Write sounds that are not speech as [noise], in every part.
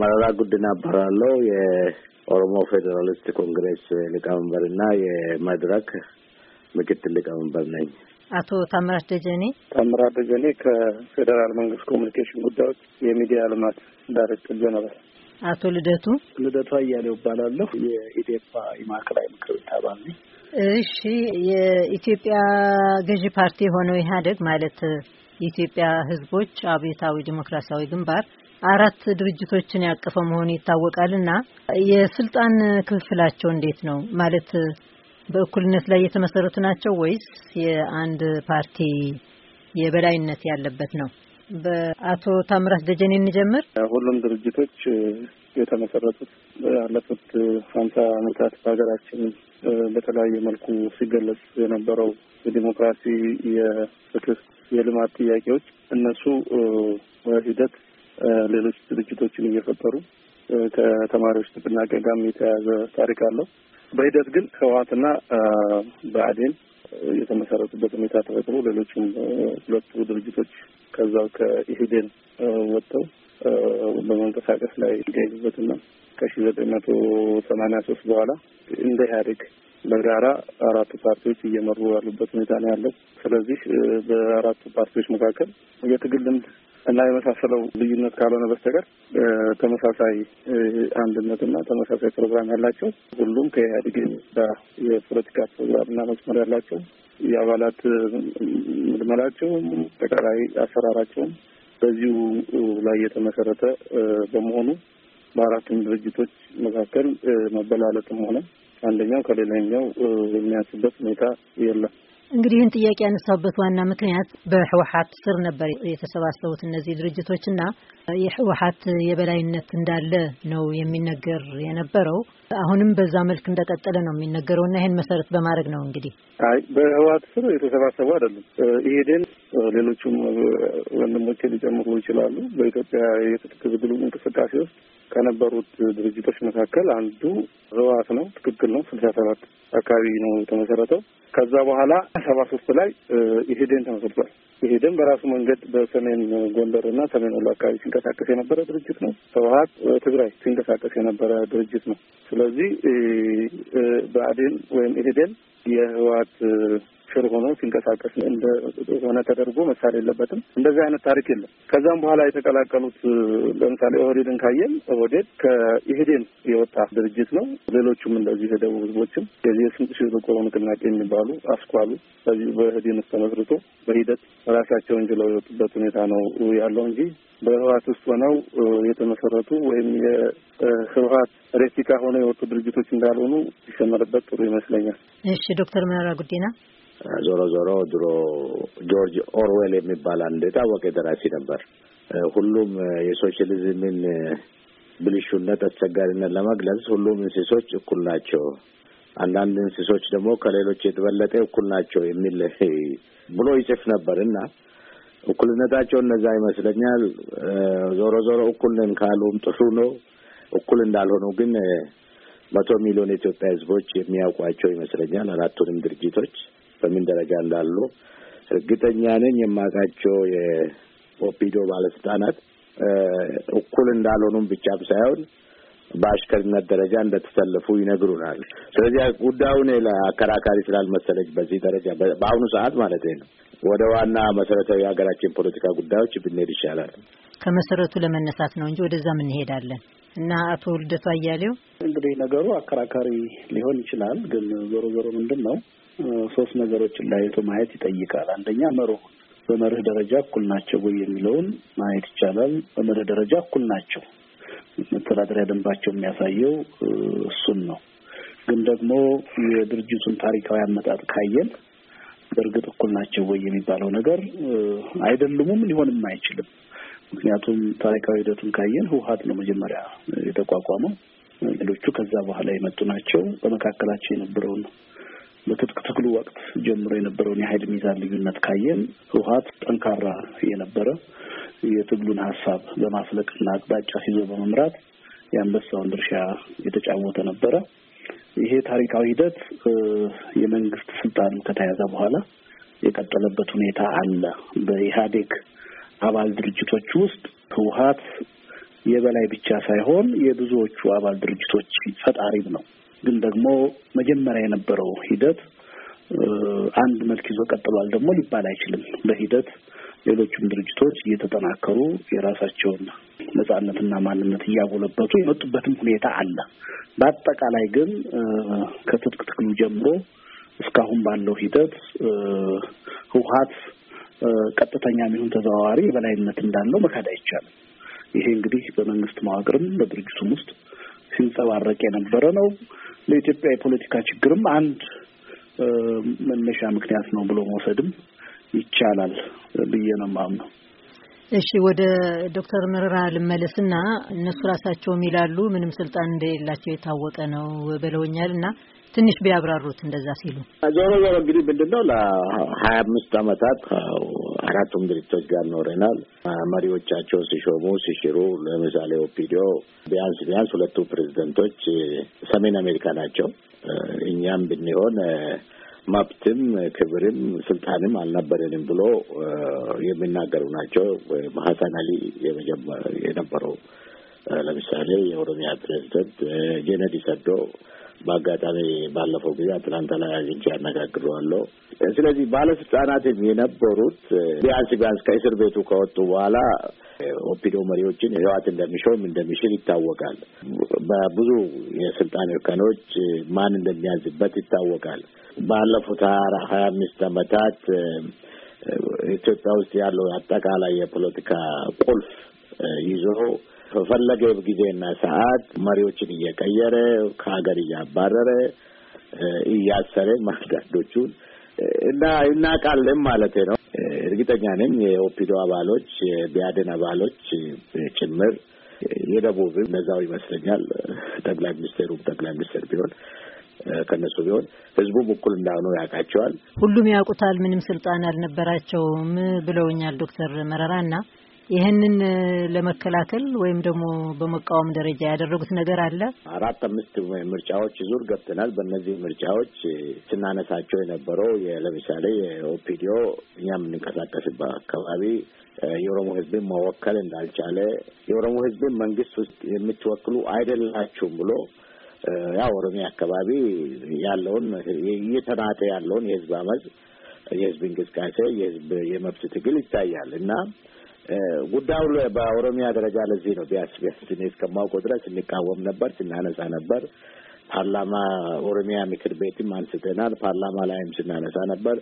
መረራ ጉዲና እባላለሁ። የኦሮሞ ፌዴራሊስት ኮንግሬስ ሊቀመንበር እና የመድረክ ምክትል ሊቀመንበር ነኝ። አቶ ታምራት ደጀኔ ታምራት ደጀኔ ከፌዴራል መንግስት ኮሚኒኬሽን ጉዳዮች የሚዲያ ልማት ዳይሬክተር ጀነራል። አቶ ልደቱ ልደቱ አያሌው እባላለሁ። የኢዴፓ የማዕከላዊ ምክር ቤት አባል ነኝ። እሺ የኢትዮጵያ ገዢ ፓርቲ የሆነው ኢህአዴግ ማለት የኢትዮጵያ ህዝቦች አብዮታዊ ዲሞክራሲያዊ ግንባር አራት ድርጅቶችን ያቀፈ መሆኑ ይታወቃልና የስልጣን ክፍፍላቸው እንዴት ነው? ማለት በእኩልነት ላይ የተመሰረቱ ናቸው ወይስ የአንድ ፓርቲ የበላይነት ያለበት ነው? በአቶ ታምራት ደጀኔ እንጀምር። ሁሉም ድርጅቶች የተመሰረቱት ባለፉት ሀምሳ አመታት በሀገራችን በተለያየ መልኩ ሲገለጽ የነበረው የዲሞክራሲ፣ የፍትህ፣ የልማት ጥያቄዎች እነሱ በሂደት ሌሎች ድርጅቶችን እየፈጠሩ ከተማሪዎች ንቅናቄ ጋርም የተያያዘ ታሪክ አለው። በሂደት ግን ህወሀትና ብአዴን የተመሰረቱበት ሁኔታ ተፈጥሮ ሌሎችም ሁለቱ ድርጅቶች ከዛው ከኢህዴን ወጥተው በመንቀሳቀስ ላይ ይገኙበትና ከሺ ዘጠኝ መቶ ሰማኒያ ሶስት በኋላ እንደ ኢህአዴግ በጋራ አራቱ ፓርቲዎች እየመሩ ያሉበት ሁኔታ ነው ያለው። ስለዚህ በአራቱ ፓርቲዎች መካከል የትግል ልምድ እና የመሳሰለው ልዩነት ካልሆነ በስተቀር ተመሳሳይ አንድነትና ተመሳሳይ ፕሮግራም ያላቸው ሁሉም ከኢህአዴግ የፖለቲካ እና መስመር ያላቸው የአባላት ምልመላቸውም አጠቃላይ አሰራራቸውም በዚሁ ላይ የተመሰረተ በመሆኑ በአራቱም ድርጅቶች መካከል መበላለጥም ሆነ አንደኛው ከሌላኛው የሚያንስበት ሁኔታ የለም። እንግዲህ ይህን ጥያቄ ያነሳሁበት ዋና ምክንያት በህወሀት ስር ነበር የተሰባሰቡት እነዚህ ድርጅቶች እና የህወሀት የበላይነት እንዳለ ነው የሚነገር የነበረው። አሁንም በዛ መልክ እንደቀጠለ ነው የሚነገረው እና ይህን መሰረት በማድረግ ነው እንግዲህ አይ በህወሓት ስር የተሰባሰቡ አይደሉም። ደን ሌሎቹም ወንድሞቼ ሊጨምሩ ይችላሉ። በኢትዮጵያ የትጥቅ ትግሉ እንቅስቃሴ ውስጥ ከነበሩት ድርጅቶች መካከል አንዱ ህወሓት ነው። ትክክል ነው። ስልሳ ሰባት አካባቢ ነው የተመሰረተው። ከዛ በኋላ ሰባ ሶስት ላይ ኢህዴን ተመስርቷል። ይሄደን በራሱ መንገድ በሰሜን ጎንደር እና ሰሜን ወሎ አካባቢ ሲንቀሳቀስ የነበረ ድርጅት ነው። ህወሀት ትግራይ ሲንቀሳቀስ የነበረ ድርጅት ነው። ስለዚህ ብአዴን ወይም ኢህዴን የህወሀት ስር ሆኖ ሲንቀሳቀስ እንደሆነ ተደርጎ መሳል የለበትም። እንደዚህ አይነት ታሪክ የለም። ከዛም በኋላ የተቀላቀሉት ለምሳሌ ኦህዴድን ካየን ኦህዴድ ከኢህዴን የወጣ ድርጅት ነው። ሌሎቹም እንደዚህ የደቡብ ህዝቦችም የዚህ የስንት ሺህ ቆሮ ንቅናቄ የሚባሉ አስኳሉ በዚህ በኢህዴን ውስጥ ተመስርቶ በሂደት ራሳቸውን ችለው የወጡበት ሁኔታ ነው ያለው እንጂ በህወሀት ውስጥ ሆነው የተመሰረቱ ወይም የህወሀት ሬቲካ ሆነው የወጡ ድርጅቶች እንዳልሆኑ ይሰመርበት ጥሩ ይመስለኛል። እሺ ዶክተር መረራ ጉዲና ዞሮ ዞሮ ድሮ ጆርጅ ኦርዌል የሚባል አንድ የታወቀ ደራሲ ነበር። ሁሉም የሶሻሊዝምን ብልሹነት፣ አስቸጋሪነት ለመግለጽ ሁሉም እንስሶች እኩል ናቸው፣ አንዳንድ እንስሶች ደግሞ ከሌሎች የተበለጠ እኩል ናቸው የሚል [laughs] ብሎ ይጽፍ ነበር እና እኩልነታቸው እነዛ ይመስለኛል። ዞሮ ዞሮ እኩል ነን ካሉም ጥሩ ነው። እኩል እንዳልሆኑ ግን መቶ ሚሊዮን የኢትዮጵያ ሕዝቦች የሚያውቋቸው ይመስለኛል አራቱንም ድርጅቶች በምን ደረጃ እንዳሉ እርግጠኛ ነኝ። የማውቃቸው የኦፒዶ ባለስልጣናት እኩል እንዳልሆኑም ብቻም ሳይሆን በአሽከሪነት ደረጃ እንደተሰለፉ ይነግሩናል። ስለዚህ ጉዳዩን ለአከራካሪ ስላልመሰለች በዚህ ደረጃ በአሁኑ ሰዓት ማለት ነው ወደ ዋና መሰረታዊ የሀገራችን ፖለቲካ ጉዳዮች ብንሄድ ይሻላል። ከመሰረቱ ለመነሳት ነው እንጂ ወደዛ እንሄዳለን። እና አቶ ልደቱ አያሌው እንግዲህ ነገሩ አከራካሪ ሊሆን ይችላል። ግን ዞሮ ዞሮ ምንድን ነው ሶስት ነገሮችን ለይቶ ማየት ይጠይቃል። አንደኛ መርሁ በመርህ ደረጃ እኩል ናቸው ወይ የሚለውን ማየት ይቻላል። በመርህ ደረጃ እኩል ናቸው። መተዳደሪያ ደንባቸው የሚያሳየው እሱን ነው። ግን ደግሞ የድርጅቱን ታሪካዊ አመጣጥ ካየን በእርግጥ እኩል ናቸው ወይ የሚባለው ነገር አይደሉምም ሊሆንም አይችልም። ምክንያቱም ታሪካዊ ሂደቱን ካየን ህውሀት ነው መጀመሪያ የተቋቋመው። ሌሎቹ ከዛ በኋላ የመጡ ናቸው። በመካከላቸው የነበረውን በትጥቅ ትግሉ ወቅት ጀምሮ የነበረውን የሀይል ሚዛን ልዩነት ካየን ህውሀት ጠንካራ የነበረ የትግሉን ሀሳብ በማስለቅና አቅጣጫ ሲዞ በመምራት የአንበሳውን ድርሻ የተጫወተ ነበረ። ይሄ ታሪካዊ ሂደት የመንግስት ስልጣን ከተያዘ በኋላ የቀጠለበት ሁኔታ አለ። በኢህአዴግ አባል ድርጅቶች ውስጥ ህወሀት የበላይ ብቻ ሳይሆን የብዙዎቹ አባል ድርጅቶች ፈጣሪም ነው። ግን ደግሞ መጀመሪያ የነበረው ሂደት አንድ መልክ ይዞ ቀጥሏል ደግሞ ሊባል አይችልም። በሂደት ሌሎቹም ድርጅቶች እየተጠናከሩ የራሳቸውን ነጻነትና ማንነት እያጎለበቱ የመጡበትም ሁኔታ አለ። በአጠቃላይ ግን ከትጥቅ ትግሉ ጀምሮ እስካሁን ባለው ሂደት ህወሀት ቀጥተኛ የሚሆን ተዘዋዋሪ የበላይነት እንዳለው መካድ አይቻልም። ይሄ እንግዲህ በመንግስት መዋቅርም በድርጅቱም ውስጥ ሲንጸባረቅ የነበረ ነው። ለኢትዮጵያ የፖለቲካ ችግርም አንድ መነሻ ምክንያት ነው ብሎ መውሰድም ይቻላል ብዬ ነው የማምነው። እሺ ወደ ዶክተር መረራ ልመለስና እነሱ ራሳቸውም ይላሉ ምንም ስልጣን እንደሌላቸው የታወቀ ነው ብለውኛል እና ትንሽ ቢያብራሩት እንደዛ ሲሉ። ዞሮ ዞሮ እንግዲህ ምንድን ነው ለሀያ አምስት አመታት አራቱም ድርጅቶች ጋር ኖረናል። መሪዎቻቸው ሲሾሙ ሲሽሩ፣ ለምሳሌ ኦፒዲዮ ቢያንስ ቢያንስ ሁለቱ ፕሬዚደንቶች ሰሜን አሜሪካ ናቸው። እኛም ብንሆን መብትም ክብርም ስልጣንም አልነበረንም ብሎ የሚናገሩ ናቸው። ሀሰን አሊ የነበረው ለምሳሌ የኦሮሚያ ፕሬዚደንት ጄነዲ ሰዶ በአጋጣሚ ባለፈው ጊዜ አትላንታ ላይ አግኝቼ አነጋግረዋለሁ። ስለዚህ ባለስልጣናትም የነበሩት ቢያንስ ቢያንስ ከእስር ቤቱ ከወጡ በኋላ ኦፒዶ መሪዎችን ህወሓት እንደሚሾም እንደሚችል ይታወቃል። በብዙ የስልጣን እርከኖች ማን እንደሚያዝበት ይታወቃል። ባለፉት ሀያ አምስት ዓመታት ኢትዮጵያ ውስጥ ያለው አጠቃላይ የፖለቲካ ቁልፍ ይዞ በፈለገ ጊዜና ሰዓት መሪዎችን እየቀየረ ከሀገር እያባረረ እያሰረ ማስጋዶቹን እና እናውቃለን ማለት ነው። እርግጠኛ ነኝ የኦፒዶ አባሎች የቢያድን አባሎች ጭምር የደቡብ እነዛው ይመስለኛል። ጠቅላይ ሚኒስቴሩም ጠቅላይ ሚኒስትር ቢሆን ከነሱ ቢሆን ህዝቡም እኩል እንዳሆኑ ያውቃቸዋል። ሁሉም ያውቁታል። ምንም ስልጣን አልነበራቸውም ብለውኛል ዶክተር መረራ እና ይህንን ለመከላከል ወይም ደግሞ በመቃወም ደረጃ ያደረጉት ነገር አለ? አራት አምስት ምርጫዎች ዙር ገብተናል። በእነዚህ ምርጫዎች ስናነሳቸው የነበረው ለምሳሌ የኦፒዲዮ እኛ የምንንቀሳቀስበት አካባቢ የኦሮሞ ሕዝብን መወከል እንዳልቻለ የኦሮሞ ሕዝብን መንግስት ውስጥ የምትወክሉ አይደላችሁም ብሎ ያው ኦሮሚያ አካባቢ ያለውን እየተናጠ ያለውን የህዝብ አመፅ፣ የህዝብ እንቅስቃሴ፣ የህዝብ የመብት ትግል ይታያል እና ጉዳዩ በኦሮሚያ ደረጃ ለዚህ ነው ቢያስ ቢያስ እኔ እስከማውቀው ድረስ እንቃወም ነበር፣ ስናነሳ ነበር። ፓርላማ ኦሮሚያ ምክር ቤትም አንስተናል። ፓርላማ ላይም ስናነሳ ነበር።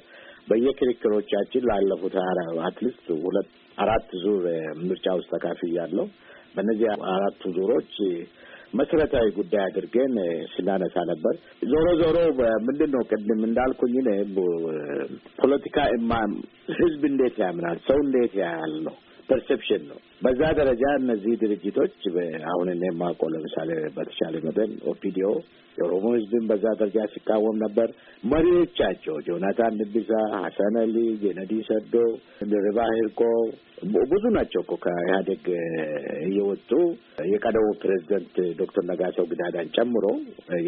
በየክርክሮቻችን ላለፉት አትሊስት ሁለት አራት ዙር ምርጫ ውስጥ ያለው በእነዚህ አራቱ ዙሮች መሰረታዊ ጉዳይ አድርገን ስናነሳ ነበር። ዞሮ ዞሮ ምንድን ነው ቅድም እንዳልኩኝ ፖለቲካ ህዝብ እንዴት ያምናል፣ ሰው እንዴት ያያል ነው ፐርሴፕሽን ነው። በዛ ደረጃ እነዚህ ድርጅቶች አሁን እኔ የማውቀው ለምሳሌ በተቻለ መጠን ኦፒዲዮ የኦሮሞ ህዝብን በዛ ደረጃ ሲቃወም ነበር። መሪዎቻቸው ጆናታን ንቢሳ፣ ሀሰን አሊ፣ ጄነዲ ሰዶ፣ ድርባ ሂርቆ ብዙ ናቸው እኮ ከኢህአዴግ እየወጡ የቀደሙ ፕሬዚደንት ዶክተር ነጋሰው ግዳዳን ጨምሮ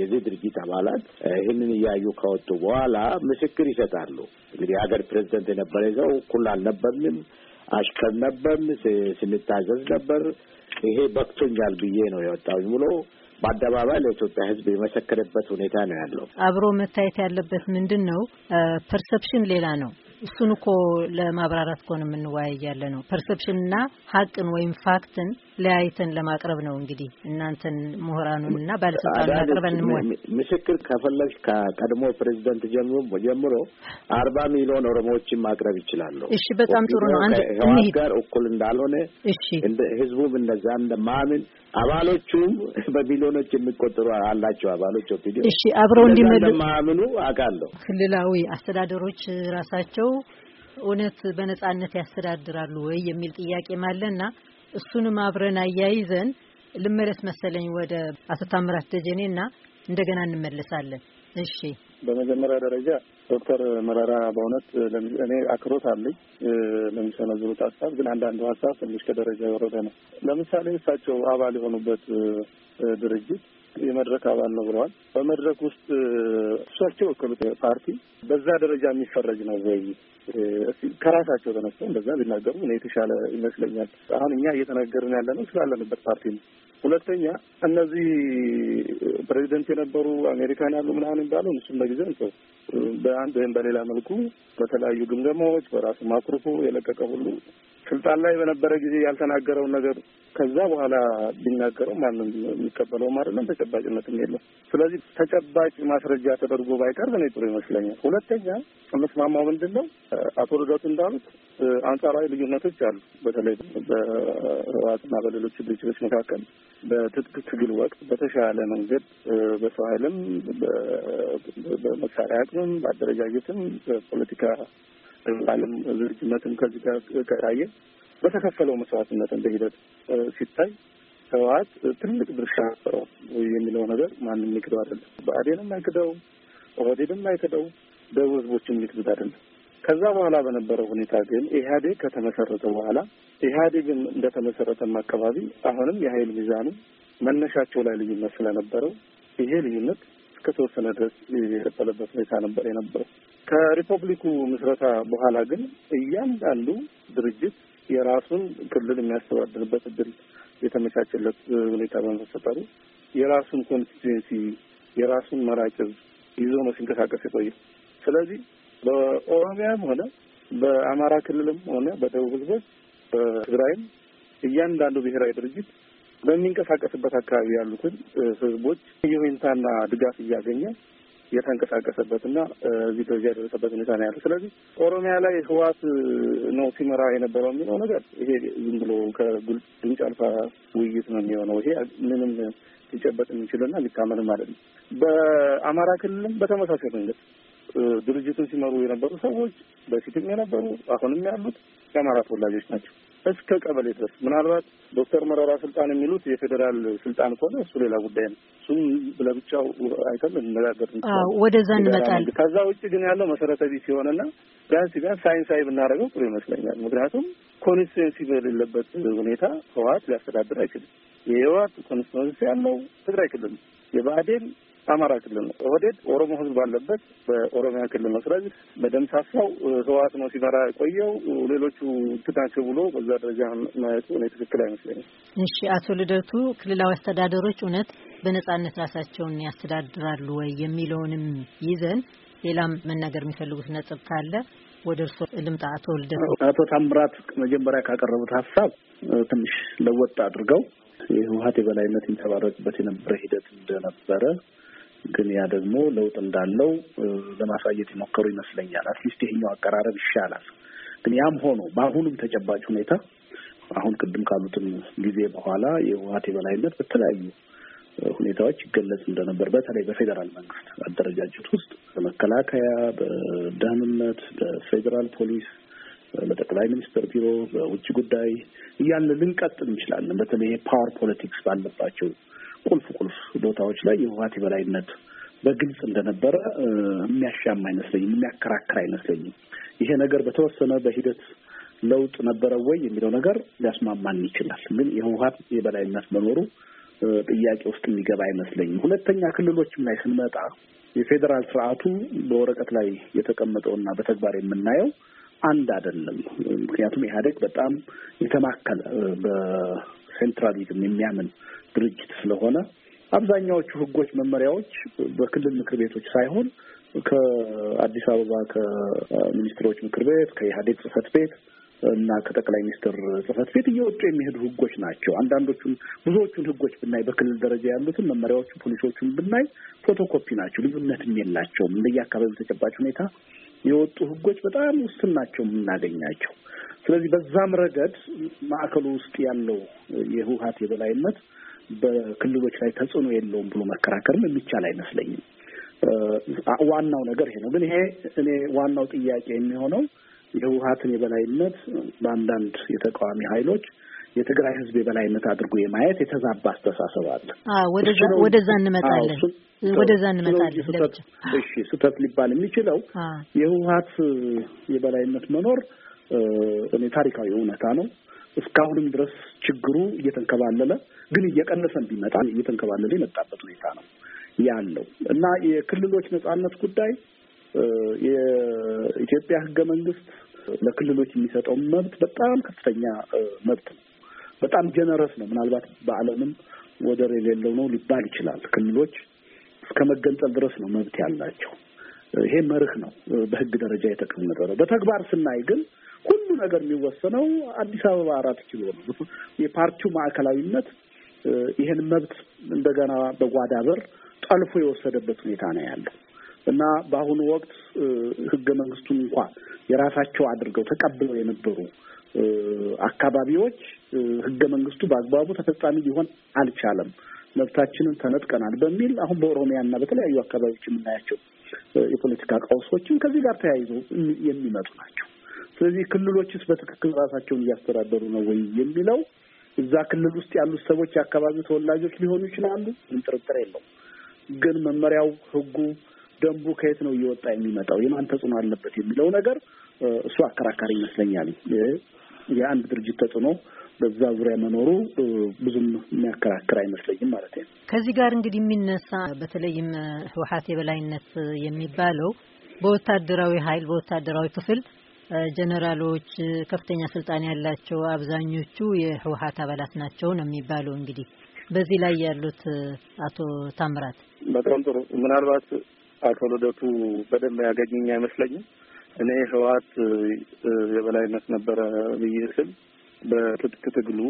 የዚህ ድርጅት አባላት ይህንን እያዩ ከወጡ በኋላ ምስክር ይሰጣሉ። እንግዲህ የሀገር ፕሬዚደንት የነበረ ሰው እኩል አልነበርንም አሽከር ነበር፣ ስንታዘዝ ነበር። ይሄ በቅቶኛል ብዬ ነው የወጣሁኝ ብሎ በአደባባይ ለኢትዮጵያ ሕዝብ የመሰከረበት ሁኔታ ነው ያለው። አብሮ መታየት ያለበት ምንድን ነው? ፐርሰፕሽን ሌላ ነው፣ እሱን እኮ ለማብራራት እኮ ነው የምንወያይ ያለ ነው። ፐርሰፕሽንና ሀቅን ወይም ፋክትን ለያይተን ለማቅረብ ነው እንግዲህ እናንተን ምሁራኑን እና ባለስልጣኑን አቅርበን ምስክር ከፈለግ ከቀድሞ ፕሬዚደንት ጀምሮ ጀምሮ አርባ ሚሊዮን ኦሮሞዎችን ማቅረብ ይችላሉ። እሺ፣ በጣም ጥሩ ነው። አንድ ህዋት ጋር እኩል እንዳልሆነ እሺ፣ ህዝቡም እንደዛ እንደማምን አባሎቹም በሚሊዮኖች የሚቆጠሩ አላቸው። አባሎች ኦፒዲዮ እሺ፣ አብረው እንዲመለሱ ማምኑ አውቃለሁ። ክልላዊ አስተዳደሮች ራሳቸው እውነት በነጻነት ያስተዳድራሉ ወይ የሚል ጥያቄም ማለና እሱንም አብረን አያይዘን ልመለስ መሰለኝ ወደ አቶ ታምራት ደጀኔና እንደገና እንመለሳለን። እሺ፣ በመጀመሪያ ደረጃ ዶክተር መረራ በእውነት እኔ አክብሮት አለኝ ለሚሰነዝሩት ሀሳብ፣ ግን አንዳንዱ ሀሳብ ትንሽ ከደረጃ የወረደ ነው። ለምሳሌ እሳቸው አባል የሆኑበት ድርጅት የመድረክ አባል ነው ብለዋል። በመድረክ ውስጥ እሳቸው የወከሉት ፓርቲ በዛ ደረጃ የሚፈረጅ ነው ወይ? ከራሳቸው ተነስተው እንደዛ ቢናገሩ እኔ የተሻለ ይመስለኛል። አሁን እኛ እየተነገርን ያለ ነው ስላለንበት ፓርቲ ነው። ሁለተኛ እነዚህ ፕሬዚደንት የነበሩ አሜሪካን ያሉ ምናምን የሚባለው እሱም ለጊዜው ሰው በአንድ ወይም በሌላ መልኩ በተለያዩ ግምገማዎች በራሱ ማይክሮፎን የለቀቀ ሁሉ ስልጣን ላይ በነበረ ጊዜ ያልተናገረውን ነገር ከዛ በኋላ ቢናገረው ማንም የሚቀበለውም አይደለም፣ ተጨባጭነትም የለም። ስለዚህ ተጨባጭ ማስረጃ ተደርጎ ባይቀርብ እኔ ጥሩ ይመስለኛል። ሁለተኛ የምስማማው ምንድን ነው አቶ ልደቱ እንዳሉት አንጻራዊ ልዩነቶች አሉ። በተለይ በህወሓትና በሌሎች ድርጅቶች መካከል በትጥቅ ትግል ወቅት በተሻለ መንገድ በሰው ኃይልም በመሳሪያ አቅምም በአደረጃጀትም በፖለቲካ ባለም ዝግጅነትም ከዚህ ጋር ከታየ በተከፈለው መስዋዕትነትን በሂደት ሲታይ ህወሓት ትልቅ ድርሻ ነበረው የሚለው ነገር ማንም ይክደው አይደለም። ብአዴንም አይክደው፣ ኦህዴድም አይክደው፣ ደቡብ ህዝቦችም የሚክዱት አይደለም። ከዛ በኋላ በነበረው ሁኔታ ግን ኢህአዴግ ከተመሰረተ በኋላ ኢህአዴግም እንደተመሰረተም አካባቢ አሁንም የሀይል ሚዛኑ መነሻቸው ላይ ልዩነት ስለነበረው ይሄ ልዩነት እስከተወሰነ ድረስ የቀጠለበት ሁኔታ ነበር የነበረው። ከሪፐብሊኩ ምስረታ በኋላ ግን እያንዳንዱ ድርጅት የራሱን ክልል የሚያስተዳድርበት እድል የተመቻቸለት ሁኔታ በመፈጠሩ የራሱን ኮንስቲትዌንሲ የራሱን መራጭ ይዞ ነው ሲንቀሳቀስ የቆየ። ስለዚህ በኦሮሚያም ሆነ በአማራ ክልልም ሆነ በደቡብ ህዝቦች፣ በትግራይም እያንዳንዱ ብሔራዊ ድርጅት በሚንቀሳቀስበት አካባቢ ያሉትን ህዝቦች የሁኔታና ድጋፍ እያገኘ የተንቀሳቀሰበትና እዚህ በዚህ የደረሰበት ሁኔታ ነው ያለ። ስለዚህ ኦሮሚያ ላይ ህዋት ነው ሲመራ የነበረው የሚለው ነገር ይሄ ዝም ብሎ ከጉልጭ አልፋ ውይይት ነው የሚሆነው። ይሄ ምንም ሊጨበጥ የሚችልና ሊታመንም አይደለም። በአማራ ክልልም በተመሳሳይ መንገድ ድርጅቱን ሲመሩ የነበሩ ሰዎች በፊትም የነበሩ አሁንም ያሉት የአማራ ተወላጆች ናቸው። እስከ ቀበሌ ድረስ ምናልባት ዶክተር መረራ ስልጣን የሚሉት የፌዴራል ስልጣን ከሆነ እሱ ሌላ ጉዳይ ነው። እሱም ለብቻው አይተም ልነጋገር ወደዛ እንመጣል። ከዛ ውጭ ግን ያለው መሰረተ ቢስ ሲሆንና ቢያንስ ቢያንስ ሳይንሳዊ ብናደርገው ጥሩ ይመስለኛል። ምክንያቱም ኮንስቴንሲ በሌለበት ሁኔታ ህወሀት ሊያስተዳድር አይችልም። የህወሀት ኮንስቴንሲ ያለው ትግራይ ክልል የብአዴን አማራ ክልል ነው። ኦህዴድ ኦሮሞ ህዝብ ባለበት በኦሮሚያ ክልል ነው። ስለዚህ በደምሳሳው ህወሓት ነው ሲመራ የቆየው ሌሎቹ ትናቸው ብሎ በዛ ደረጃ ማየቱ እኔ ትክክል አይመስለኝም። እሺ፣ አቶ ልደቱ ክልላዊ አስተዳደሮች እውነት በነጻነት ራሳቸውን ያስተዳድራሉ ወይ የሚለውንም ይዘን ሌላም መናገር የሚፈልጉት ነጥብ ካለ ወደ እርስዎ ልምጣ። አቶ ልደቱ አቶ ታምራት መጀመሪያ ካቀረቡት ሀሳብ ትንሽ ለወጥ አድርገው የህወሀት የበላይነት ይንጸባረቅበት የነበረ ሂደት እንደነበረ ግን ያ ደግሞ ለውጥ እንዳለው ለማሳየት የሞከሩ ይመስለኛል። አትሊስት ይሄኛው አቀራረብ ይሻላል። ግን ያም ሆኖ በአሁኑም ተጨባጭ ሁኔታ አሁን ቅድም ካሉትም ጊዜ በኋላ የህወሀት የበላይነት በተለያዩ ሁኔታዎች ይገለጽ እንደነበር በተለይ በፌዴራል መንግስት አደረጃጀት ውስጥ በመከላከያ፣ በደህንነት፣ በፌዴራል ፖሊስ፣ በጠቅላይ ሚኒስትር ቢሮ፣ በውጭ ጉዳይ እያለ ልንቀጥል እንችላለን። በተለይ የፓወር ፖለቲክስ ባለባቸው ቁልፍ ቁልፍ ቦታዎች ላይ የህወሀት የበላይነት በግልጽ እንደነበረ የሚያሻማ አይመስለኝም፣ የሚያከራክር አይመስለኝም። ይሄ ነገር በተወሰነ በሂደት ለውጥ ነበረ ወይ የሚለው ነገር ሊያስማማን ይችላል። ግን የህወሀት የበላይነት መኖሩ ጥያቄ ውስጥ የሚገባ አይመስለኝም። ሁለተኛ ክልሎችም ላይ ስንመጣ የፌዴራል ስርዓቱ በወረቀት ላይ የተቀመጠውና በተግባር የምናየው አንድ አይደለም። ምክንያቱም ኢህአዴግ በጣም የተማከለ በሴንትራሊዝም የሚያምን ድርጅት ስለሆነ አብዛኛዎቹ ህጎች፣ መመሪያዎች በክልል ምክር ቤቶች ሳይሆን ከአዲስ አበባ ከሚኒስትሮች ምክር ቤት ከኢህአዴግ ጽህፈት ቤት እና ከጠቅላይ ሚኒስትር ጽህፈት ቤት እየወጡ የሚሄዱ ህጎች ናቸው። አንዳንዶቹን ብዙዎቹን ህጎች ብናይ በክልል ደረጃ ያሉትን መመሪያዎቹን፣ ፖሊሶቹን ብናይ ፎቶኮፒ ናቸው። ልዩነትም የላቸውም። እንደየአካባቢው ተጨባጭ ሁኔታ የወጡ ህጎች በጣም ውስን ናቸው የምናገኛቸው። ስለዚህ በዛም ረገድ ማዕከሉ ውስጥ ያለው የህውሀት የበላይነት በክልሎች ላይ ተጽዕኖ የለውም ብሎ መከራከርም የሚቻል አይመስለኝም። ዋናው ነገር ይሄ ነው። ግን ይሄ እኔ ዋናው ጥያቄ የሚሆነው የህወሀትን የበላይነት በአንዳንድ የተቃዋሚ ኃይሎች የትግራይ ህዝብ የበላይነት አድርጎ የማየት የተዛባ አስተሳሰብ አለ። ወደዛ እንመጣለን ወደዛ እንመጣለን። እሺ ስህተት ሊባል የሚችለው የህወሀት የበላይነት መኖር እኔ ታሪካዊ እውነታ ነው። እስካሁንም ድረስ ችግሩ እየተንከባለለ ግን እየቀነሰን ቢመጣ እየተንከባለለ የመጣበት ሁኔታ ነው ያለው እና የክልሎች ነጻነት ጉዳይ የኢትዮጵያ ህገ መንግስት ለክልሎች የሚሰጠው መብት በጣም ከፍተኛ መብት ነው። በጣም ጀነረስ ነው። ምናልባት በዓለምም ወደር የሌለው ነው ሊባል ይችላል። ክልሎች እስከ መገንጠል ድረስ ነው መብት ያላቸው። ይሄ መርህ ነው፣ በህግ ደረጃ የተቀመጠ ነው። በተግባር ስናይ ግን ሁሉ ነገር የሚወሰነው አዲስ አበባ አራት ኪሎ ነው። የፓርቲው ማዕከላዊነት ይሄን መብት እንደገና በጓዳ በር ጠልፎ የወሰደበት ሁኔታ ነው ያለው እና በአሁኑ ወቅት ህገ መንግስቱን እንኳ የራሳቸው አድርገው ተቀብለው የነበሩ አካባቢዎች ህገ መንግስቱ በአግባቡ ተፈጻሚ ሊሆን አልቻለም፣ መብታችንን ተነጥቀናል በሚል አሁን በኦሮሚያና በተለያዩ አካባቢዎች የምናያቸው የፖለቲካ ቀውሶችን ከዚህ ጋር ተያይዞ የሚመጡ ናቸው። ስለዚህ ክልሎችስ በትክክል ራሳቸውን እያስተዳደሩ ነው ወይ የሚለው እዛ ክልል ውስጥ ያሉት ሰዎች የአካባቢው ተወላጆች ሊሆኑ ይችላሉ፣ ምን ጥርጥር የለው። ግን መመሪያው፣ ህጉ፣ ደንቡ ከየት ነው እየወጣ የሚመጣው የማን ተጽዕኖ አለበት የሚለው ነገር እሱ አከራካሪ ይመስለኛል። የአንድ ድርጅት ተጽዕኖ በዛ ዙሪያ መኖሩ ብዙም የሚያከራክር አይመስለኝም ማለት ነው። ከዚህ ጋር እንግዲህ የሚነሳ በተለይም ህወሀት የበላይነት የሚባለው በወታደራዊ ኃይል በወታደራዊ ክፍል ጀነራሎች፣ ከፍተኛ ስልጣን ያላቸው አብዛኞቹ የህወሀት አባላት ናቸው ነው የሚባለው። እንግዲህ በዚህ ላይ ያሉት አቶ ታምራት በጣም ጥሩ። ምናልባት አቶ ልደቱ በደንብ ያገኘኝ አይመስለኝም። እኔ ህወሀት የበላይነት ነበረ ብዬ ስል በትጥቅ ትግሉ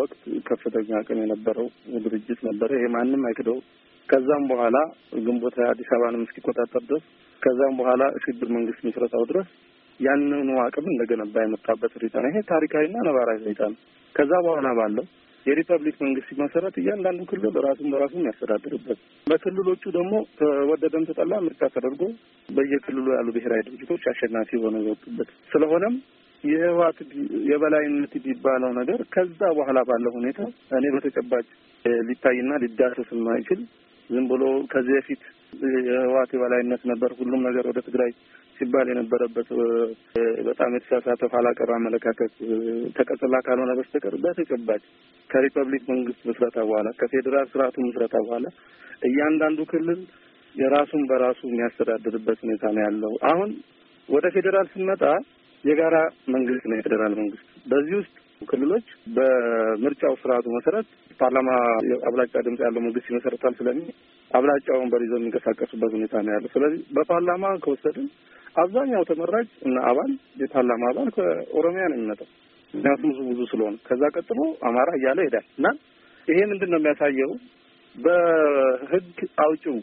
ወቅት ከፍተኛ አቅም የነበረው ድርጅት ነበረ። ይሄ ማንም አይክደው። ከዛም በኋላ ግንቦት አዲስ አበባንም እስኪቆጣጠር ድረስ ከዛም በኋላ ሽግግር መንግስት ምስረታው ድረስ ያንኑ አቅም እንደገነባ የመጣበት ሁኔታ ነው። ይሄ ታሪካዊና ነባራዊ ሁኔታ ነው። ከዛ በኋላ ባለው የሪፐብሊክ መንግስት ሲመሰረት እያንዳንዱ ክልል ራሱን በራሱ የሚያስተዳድርበት በክልሎቹ ደግሞ ተወደደም ተጠላ ምርጫ ተደርጎ በየክልሉ ያሉ ብሔራዊ ድርጅቶች አሸናፊ የሆነ የወጡበት ስለሆነም የህወሓት የበላይነት የሚባለው ነገር ከዛ በኋላ ባለው ሁኔታ እኔ በተጨባጭ ሊታይና ሊዳሰስ የማይችል ዝም ብሎ ከዚህ በፊት የህወሓት የበላይነት ነበር። ሁሉም ነገር ወደ ትግራይ ሲባል የነበረበት በጣም የተሳሳተ ኋላ አመለካከት ተቀጽላ ካልሆነ በስተቀር በተጨባጭ ከሪፐብሊክ መንግስት ምስረታ በኋላ ከፌዴራል ስርዓቱ ምስረታ በኋላ እያንዳንዱ ክልል የራሱን በራሱ የሚያስተዳድርበት ሁኔታ ነው ያለው። አሁን ወደ ፌዴራል ስንመጣ የጋራ መንግስት ነው የፌዴራል መንግስት። በዚህ ውስጥ ክልሎች በምርጫው ስርዓቱ መሰረት ፓርላማ አብላጫ ድምጽ ያለው መንግስት ይመሰረታል ስለሚል አብላጫውን በሪዞ የሚንቀሳቀሱበት ሁኔታ ነው ያለው። ስለዚህ በፓርላማ ከወሰድን አብዛኛው ተመራጭ እና አባል የፓርላማ አባል ከኦሮሚያ ነው የሚመጣው፣ ምክንያቱም ብዙ ብዙ ስለሆነ ከዛ ቀጥሎ አማራ እያለ ይሄዳል እና ይሄ ምንድን ነው የሚያሳየው በህግ አውጭው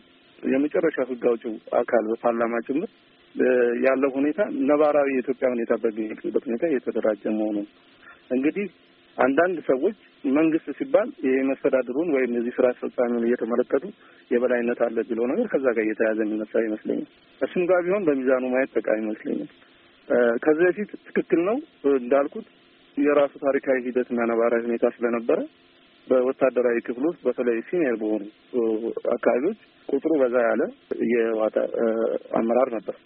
የመጨረሻ ህግ አውጭው አካል በፓርላማ ጭምር ያለው ሁኔታ ነባራዊ የኢትዮጵያ ሁኔታ በሚሄድበት ሁኔታ እየተደራጀ መሆኑን እንግዲህ አንዳንድ ሰዎች መንግስት ሲባል የመስተዳድሩን ወይም የዚህ ስራ አስፈጻሚውን እየተመለከቱ የበላይነት አለ ብለው ነገር ከዛ ጋር እየተያዘ የሚነሳ ይመስለኛል። እሱም ጋር ቢሆን በሚዛኑ ማየት ጠቃሚ ይመስለኛል። ከዚህ በፊት ትክክል ነው እንዳልኩት የራሱ ታሪካዊ ሂደትና ነባራዊ ሁኔታ ስለነበረ በወታደራዊ ክፍል ውስጥ በተለይ ሲኒየር በሆኑ አካባቢዎች ቁጥሩ በዛ ያለ የዋታ አመራር ነበር።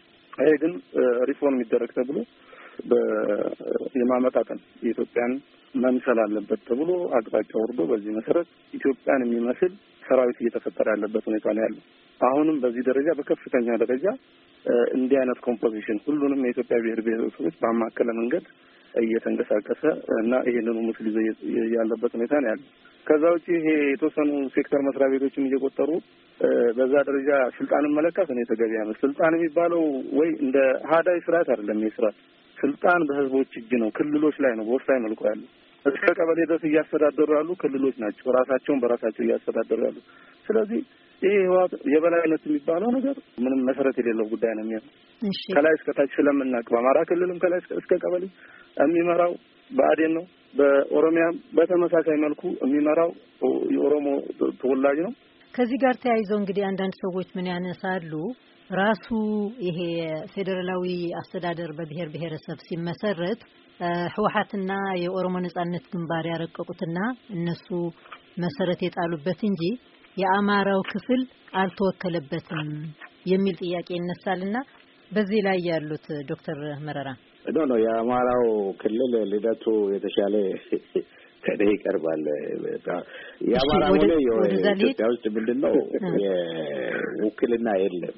ይሄ ግን ሪፎርም ይደረግ ተብሎ የማመጣጠን የኢትዮጵያን መምሰል አለበት ተብሎ አቅጣጫ ወርዶ በዚህ መሰረት ኢትዮጵያን የሚመስል ሰራዊት እየተፈጠረ ያለበት ሁኔታ ነው ያለው። አሁንም በዚህ ደረጃ በከፍተኛ ደረጃ እንዲህ አይነት ኮምፖዚሽን ሁሉንም የኢትዮጵያ ብሔር ብሔረሰቦች ባማከለ መንገድ እየተንቀሳቀሰ እና ይህንኑ ምስል ይዞ ያለበት ሁኔታ ነው ያለ። ከዛ ውጭ ይሄ የተወሰኑ ሴክተር መስሪያ ቤቶችም እየቆጠሩ በዛ ደረጃ ስልጣንን መለካት እኔ ተገቢ ያመ ስልጣን የሚባለው ወይ እንደ ሀዳዊ ስርዓት አይደለም። ይህ ስርዓት ስልጣን በህዝቦች እጅ ነው፣ ክልሎች ላይ ነው፣ በወሳኝ መልኩ ያለው እስከ ቀበሌ ድረስ እያስተዳደሩ ያሉ ክልሎች ናቸው። ራሳቸውን በራሳቸው እያስተዳደሩ ያሉ። ስለዚህ ይህ ህወሓት የበላይነት የሚባለው ነገር ምንም መሰረት የሌለው ጉዳይ ነው የሚሆነው ከላይ እስከታች ስለምናውቅ በአማራ ክልልም ከላይ እስከ ቀበሌ የሚመራው በአዴን ነው። በኦሮሚያም በተመሳሳይ መልኩ የሚመራው የኦሮሞ ተወላጅ ነው። ከዚህ ጋር ተያይዘው እንግዲህ አንዳንድ ሰዎች ምን ያነሳሉ፣ ራሱ ይሄ ፌዴራላዊ አስተዳደር በብሔር ብሔረሰብ ሲመሰረት ህወሓትና የኦሮሞ ነጻነት ግንባር ያረቀቁትና እነሱ መሰረት የጣሉበት እንጂ የአማራው ክፍል አልተወከለበትም የሚል ጥያቄ ይነሳልና በዚህ ላይ ያሉት ዶክተር መረራ ኖ ኖ የአማራው ክልል ልደቱ የተሻለ ከደ ይቀርባል። የአማራ ሆነ ኢትዮጵያ ውስጥ ምንድን ነው የውክልና የለም።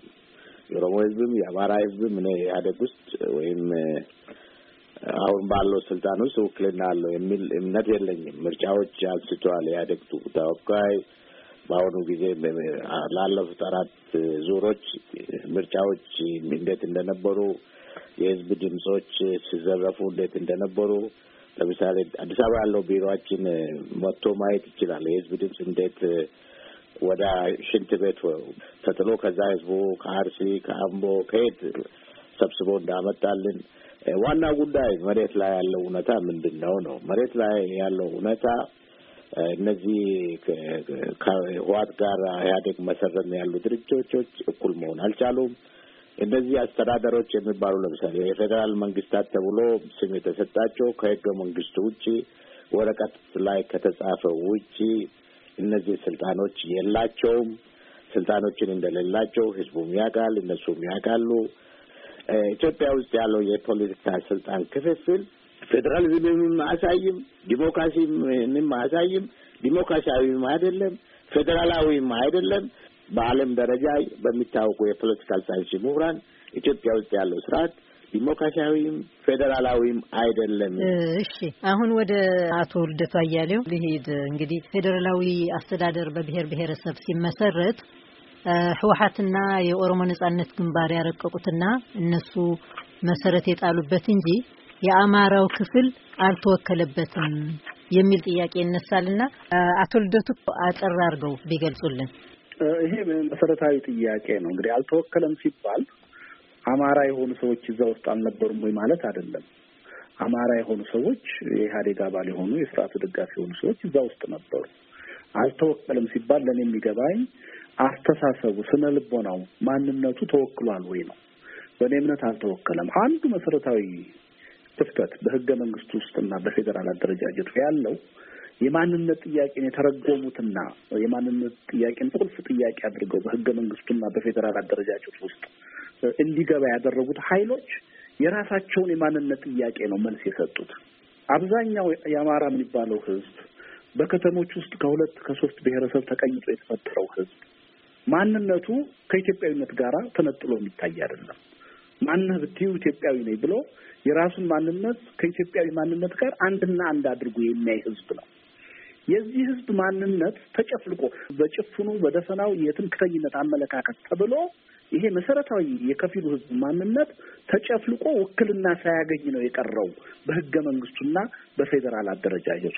የኦሮሞ ህዝብም የአማራ ህዝብም እኔ ኢህአዴግ ውስጥ ወይም አሁን ባለው ስልጣን ውስጥ ውክልና አለው የሚል እምነት የለኝም። ምርጫዎች አንስቷል። ኢህአዴግ ተወካይ በአሁኑ ጊዜ ላለፉት አራት ዙሮች ምርጫዎች እንዴት እንደነበሩ፣ የህዝብ ድምጾች ሲዘረፉ እንዴት እንደነበሩ ለምሳሌ አዲስ አበባ ያለው ቢሮችን መጥቶ ማየት ይችላል። የህዝብ ድምፅ እንዴት ወደ ሽንት ቤት ተጥሎ ከዛ ህዝቡ ከአርሲ ከአምቦ ከየት ሰብስቦ እንዳመጣልን ዋና ጉዳይ መሬት ላይ ያለው እውነታ ምንድን ነው ነው። መሬት ላይ ያለው እውነታ እነዚህ ከህዋት ጋር ኢህአዴግ መሰረት ያሉ ድርጅቶች እኩል መሆን አልቻሉም። እነዚህ አስተዳደሮች የሚባሉ ለምሳሌ የፌዴራል መንግስታት ተብሎ ስም የተሰጣቸው ከህገ መንግስቱ ውጭ ወረቀት ላይ ከተጻፈው ውጭ እነዚህ ስልጣኖች የላቸውም። ስልጣኖችን እንደሌላቸው ህዝቡም ያውቃል፣ እነሱም ያውቃሉ። ኢትዮጵያ ውስጥ ያለው የፖለቲካ ስልጣን ክፍፍል ማሳይም አያሳይም፣ ዲሞክራሲንም አያሳይም፣ ዲሞክራሲያዊም አይደለም፣ ፌዴራላዊም አይደለም። በዓለም ደረጃ በሚታወቁ የፖለቲካል ሳይንስ ምሁራን ኢትዮጵያ ውስጥ ያለው ስርዓት ዲሞክራሲያዊም ፌዴራላዊም አይደለም። እሺ አሁን ወደ አቶ ልደቱ አያሌው ልሄድ። እንግዲህ ፌዴራላዊ አስተዳደር በብሔር ብሔረሰብ ሲመሰረት ህወሓትና የኦሮሞ ነጻነት ግንባር ያረቀቁትና እነሱ መሰረት የጣሉበት እንጂ የአማራው ክፍል አልተወከለበትም የሚል ጥያቄ ይነሳልና አቶ ልደቱ አጠር አድርገው ቢገልጹልን። ይሄ መሰረታዊ ጥያቄ ነው። እንግዲህ አልተወከለም ሲባል አማራ የሆኑ ሰዎች እዛ ውስጥ አልነበሩም ወይ ማለት አይደለም። አማራ የሆኑ ሰዎች የኢህአዴግ አባል የሆኑ የስርዓቱ ደጋፊ የሆኑ ሰዎች እዛ ውስጥ ነበሩ። አልተወከለም ሲባል ለእኔ የሚገባኝ አስተሳሰቡ፣ ስነ ልቦናው፣ ማንነቱ ተወክሏል ወይ ነው። በእኔ እምነት አልተወከለም። አንዱ መሰረታዊ ክፍተት በህገ መንግስቱ ውስጥና በፌዴራል አደረጃጀቱ ያለው የማንነት ጥያቄን የተረጎሙትና የማንነት ጥያቄን ቁልፍ ጥያቄ አድርገው በህገ መንግስቱና በፌዴራል አደረጃጀት ውስጥ እንዲገባ ያደረጉት ኃይሎች የራሳቸውን የማንነት ጥያቄ ነው መልስ የሰጡት። አብዛኛው የአማራ የሚባለው ህዝብ በከተሞች ውስጥ ከሁለት ከሶስት ብሔረሰብ ተቀይጦ የተፈጠረው ህዝብ ማንነቱ ከኢትዮጵያዊነት ጋር ተነጥሎ የሚታይ አይደለም። ማንህ ብትዩ ኢትዮጵያዊ ነኝ ብሎ የራሱን ማንነት ከኢትዮጵያዊ ማንነት ጋር አንድና አንድ አድርጎ የሚያይ ህዝብ ነው። የዚህ ህዝብ ማንነት ተጨፍልቆ በጭፍኑ በደፈናው የትምክተኝነት አመለካከት ተብሎ ይሄ መሰረታዊ የከፊሉ ህዝብ ማንነት ተጨፍልቆ ውክልና ሳያገኝ ነው የቀረው በህገ መንግስቱና በፌዴራል አደረጃጀቱ።